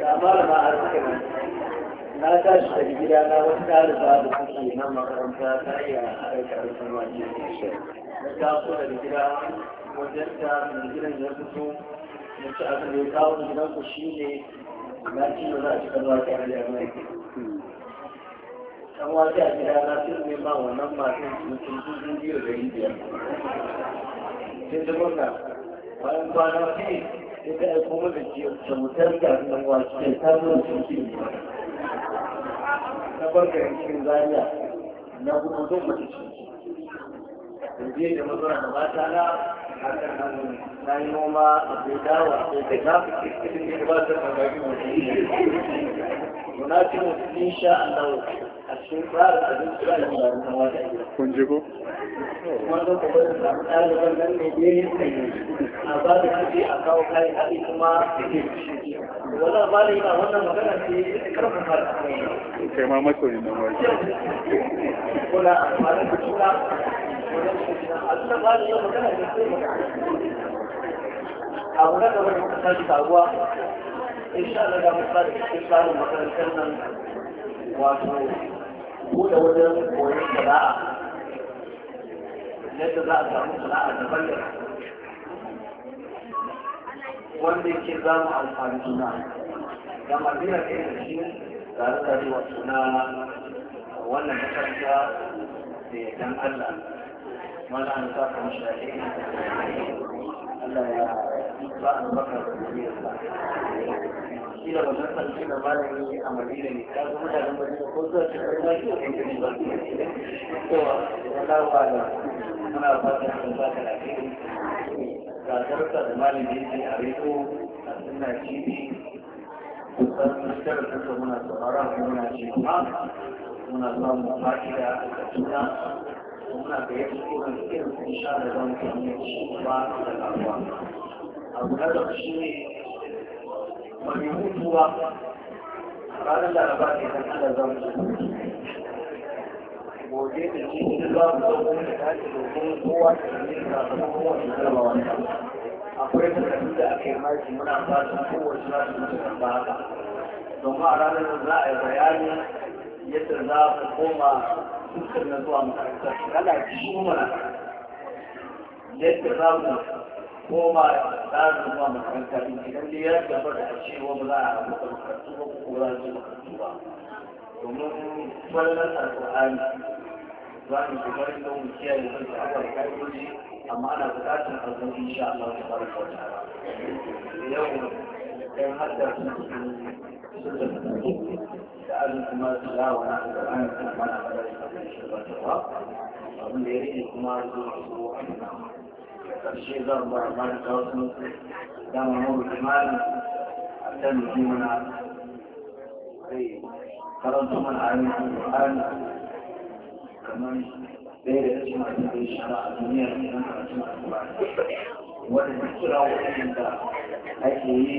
da malama a nan. na tashi da gida na wata ɗaliba da take nan makaranta ta iya aika aikin wani na taso daga gida wajen ta gidan ya fito na ci abin da ya kawo gidan ku shi ne kan a gida na sun ne ba wannan masu mutum sun biyu da yi biyar. da nan Na barka cikin na mutu cikin in je da mazura da mata na hakan nan na yi noma akwai dawa akwai kaza cikin da ba ta kangaki mutum muna ci mutum insha Allah a cikin tsarin abinci da mularin na wata kun ji ko wannan kuma da samu ɗaliban nan ne dai a ba da kuɗi a kawo a haɗi kuma wala ba da yana wannan magana ce karfafa da kai ma masoyin nan wani kuna amfani da kuna abu na gaba da muka sake taruwa insha Allah da muka sake cikin tsarin makarantar nan wato buɗe wajen koyon sana'a yadda za a samu sana'a daban da wanda yake za mu amfani juna da madina ɗaya da shi tare da wato na wannan makaranta da dan Allah ولا أنساك مشاهدين ألا يا إسراء بكر shi da wannan sarki da malami a madina ne ta zo mutanen madina ko zuwa cikin sarki da kan gani ba to wala fada muna fata da ba ka lafiya ga sarka da malami ne a riko a sunna cibi kusan mutar da ta muna sauraron muna ce ma muna samun fa'ida a juna muna da yadda kuran irin sun sha da zan kame ba da karuwa abu na gaba shi ne mai hutuwa ranar ne ta kada zan gobe da shi ne za mu zo kuma da tashi domin kowa da ne da zama kowace jarabawa ne akwai takardu da aka yi maki muna kuma kowace za su mutu kan ba haka domin a ranar za a yi bayani yadda za ku koma fuskar na zuwa makaranta kana mana yadda za mu koma tsarin zuwa makaranta din idan dai ya gaba da cewa ba za a rabu da makarantu ba ko za su makarantu ba domin wannan alƙur'ani za mu ji bari da mu kiyaye zan ta akwai ƙarfi amma ana buƙatar azan insha Allah ta bari ko ta yau dan hadda sun sun da sa'adun kuma su za wa na alƙur'ani kan mana da shi kan ba abin da ya rike kuma ya zo su ruwa karshe zan bar mana kawo sun dama mu kimanin a kan jimina karanta mana ayyukan alƙur'ani kamar ɗaya da cikin abin da ya shara a duniya da kan karatun alƙur'ani wanda duk kira waɗanda ake yi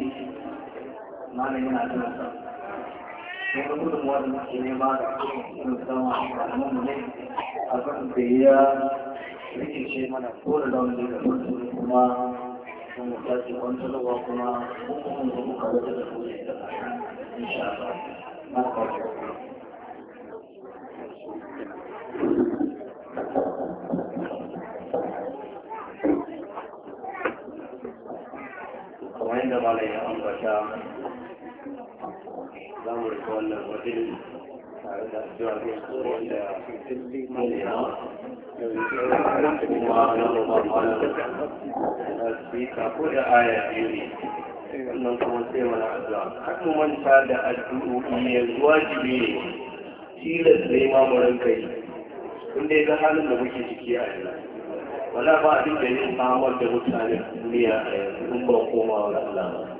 mana yana tunanta wani gudunmuwa da muke kuma ya rikice mana ko da zaune da yadda malai ya ambata za mu wannan wajen tare da addu'a ne wanda kuma da aya biyu kuma sai mana manta da addu'o'i yanzu wajibi ne tilas ne ma mu kai. kun dai ga halin da muke ciki a yanzu wala ba abin da samar da mutane duniya a yanzu in ba koma wa Allah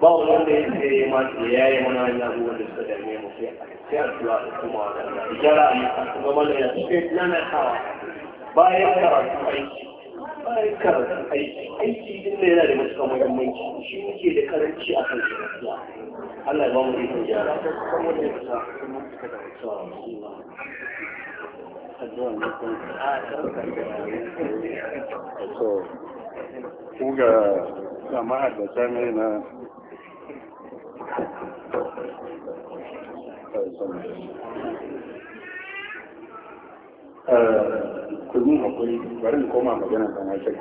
ba wanda ya ce ya mace ya yi mana wani abubuwan da suka dame mu sai a cewa da kuma wani jara a yi kuma mana ya ce eh, na kawa bayan karatu aiki bayan karatu aiki aiki din da yana da matuƙar muhimmanci shi muke da karanci a kan shi Allah ya ba mu ikon gyara saboda ya fita So, kuga sama da na Eh, kudin hakuri bari koma magana eh,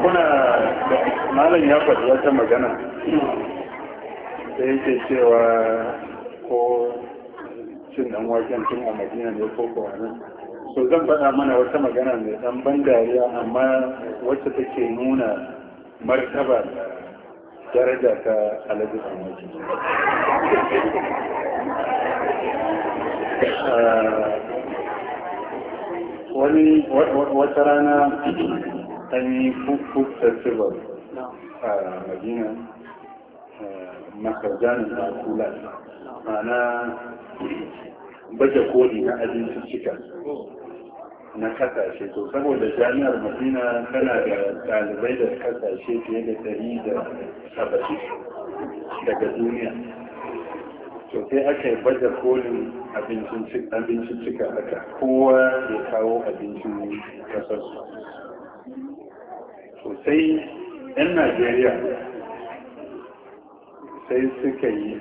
kuna malam ya faɗi wata magana da yake cewa ko cin dan waken tun a madina ne ko kowa so zan faɗa mana wata magana mai ɗan ban dariya amma wacce take nuna martaba daraja ta alaji amaji ah, wani wata rana an yi food festival a madina eh, makarjanin da kula ma'ana baje koli na abinci cikin na kasashe to saboda jami'ar madina tana da ɗalibai da kasashe fiye da dari da sabashi daga duniya to sai aka yi baje kolin abincin cika haka kowa ya kawo abincin kasarsu su sosai 'yan najeriya sai suka yi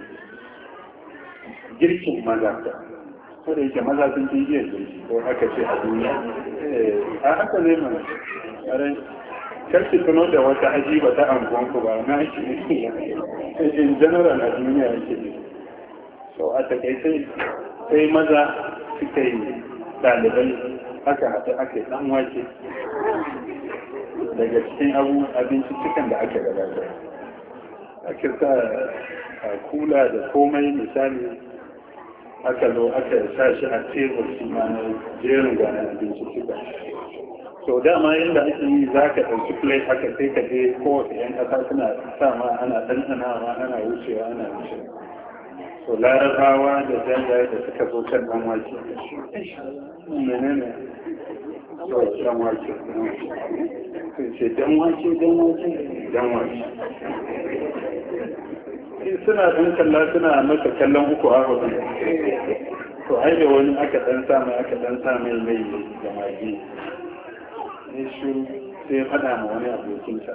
girkin mazaka ko da yake maza sun fi iya jirgi ko haka ce a duniya a haka zai mana ƙarai karki tuno da wata ajiba ta anguwanku ba na ake in general a duniya ake ne so a takaice sai maza suka yi ɗalibai aka haɗu aka yi ɗan wake daga cikin abu abinci cikin da aka gabatar aka sa kula da komai misali aka zo aka sa shi a tebur shi ma na jerin gwanin abinci suka to dama inda ake yi za ka ɗauki plate haka sai ka je kowace yan ƙasa suna sa ma ana ɗanɗanawa ana wucewa ana wuce. to larabawa da jajaye da suka zo kan ɗan wake menene to ɗan wake ce ɗan wake ɗan wake ɗan wake suna ɗan kalla suna maka kallon uku a hudu to ai da wani aka ɗan sa mai aka ɗan sa mai mai da magi ne shi sai faɗa ma wani abokinsa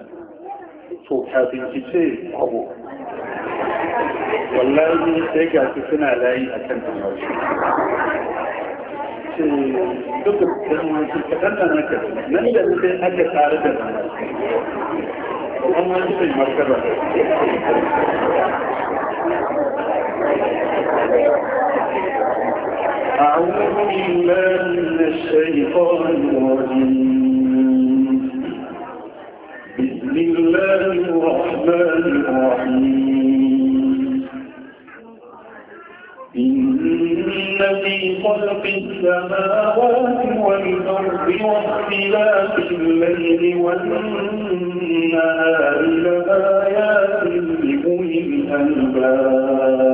to kafin ki ce kwabo wallahi sai ga su suna layi a kan tamarci ce duk da tamarci kaɗan da naka nan da sai aka tsara da tamarci amma shi bai martaba بسم الله الرحمن الرحيم إن في خلق السماوات والأرض واختلاف الليل والنهار لآيات لأولي الألباب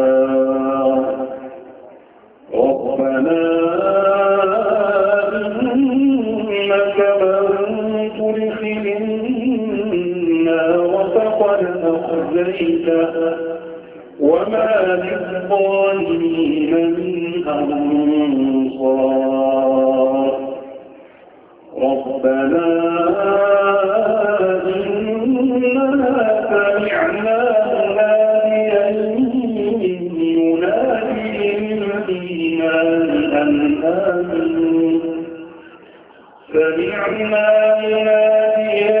شيئا وما للظالمين من أنصار ربنا إننا سمعنا ينادي سمعنا مناديا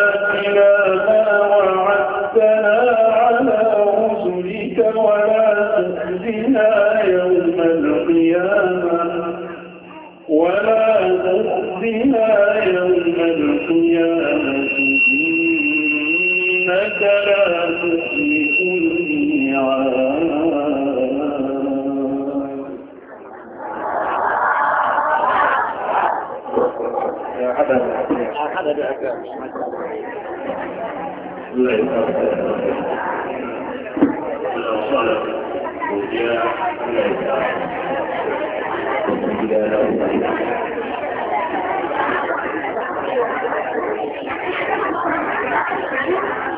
Allah ya Thank you.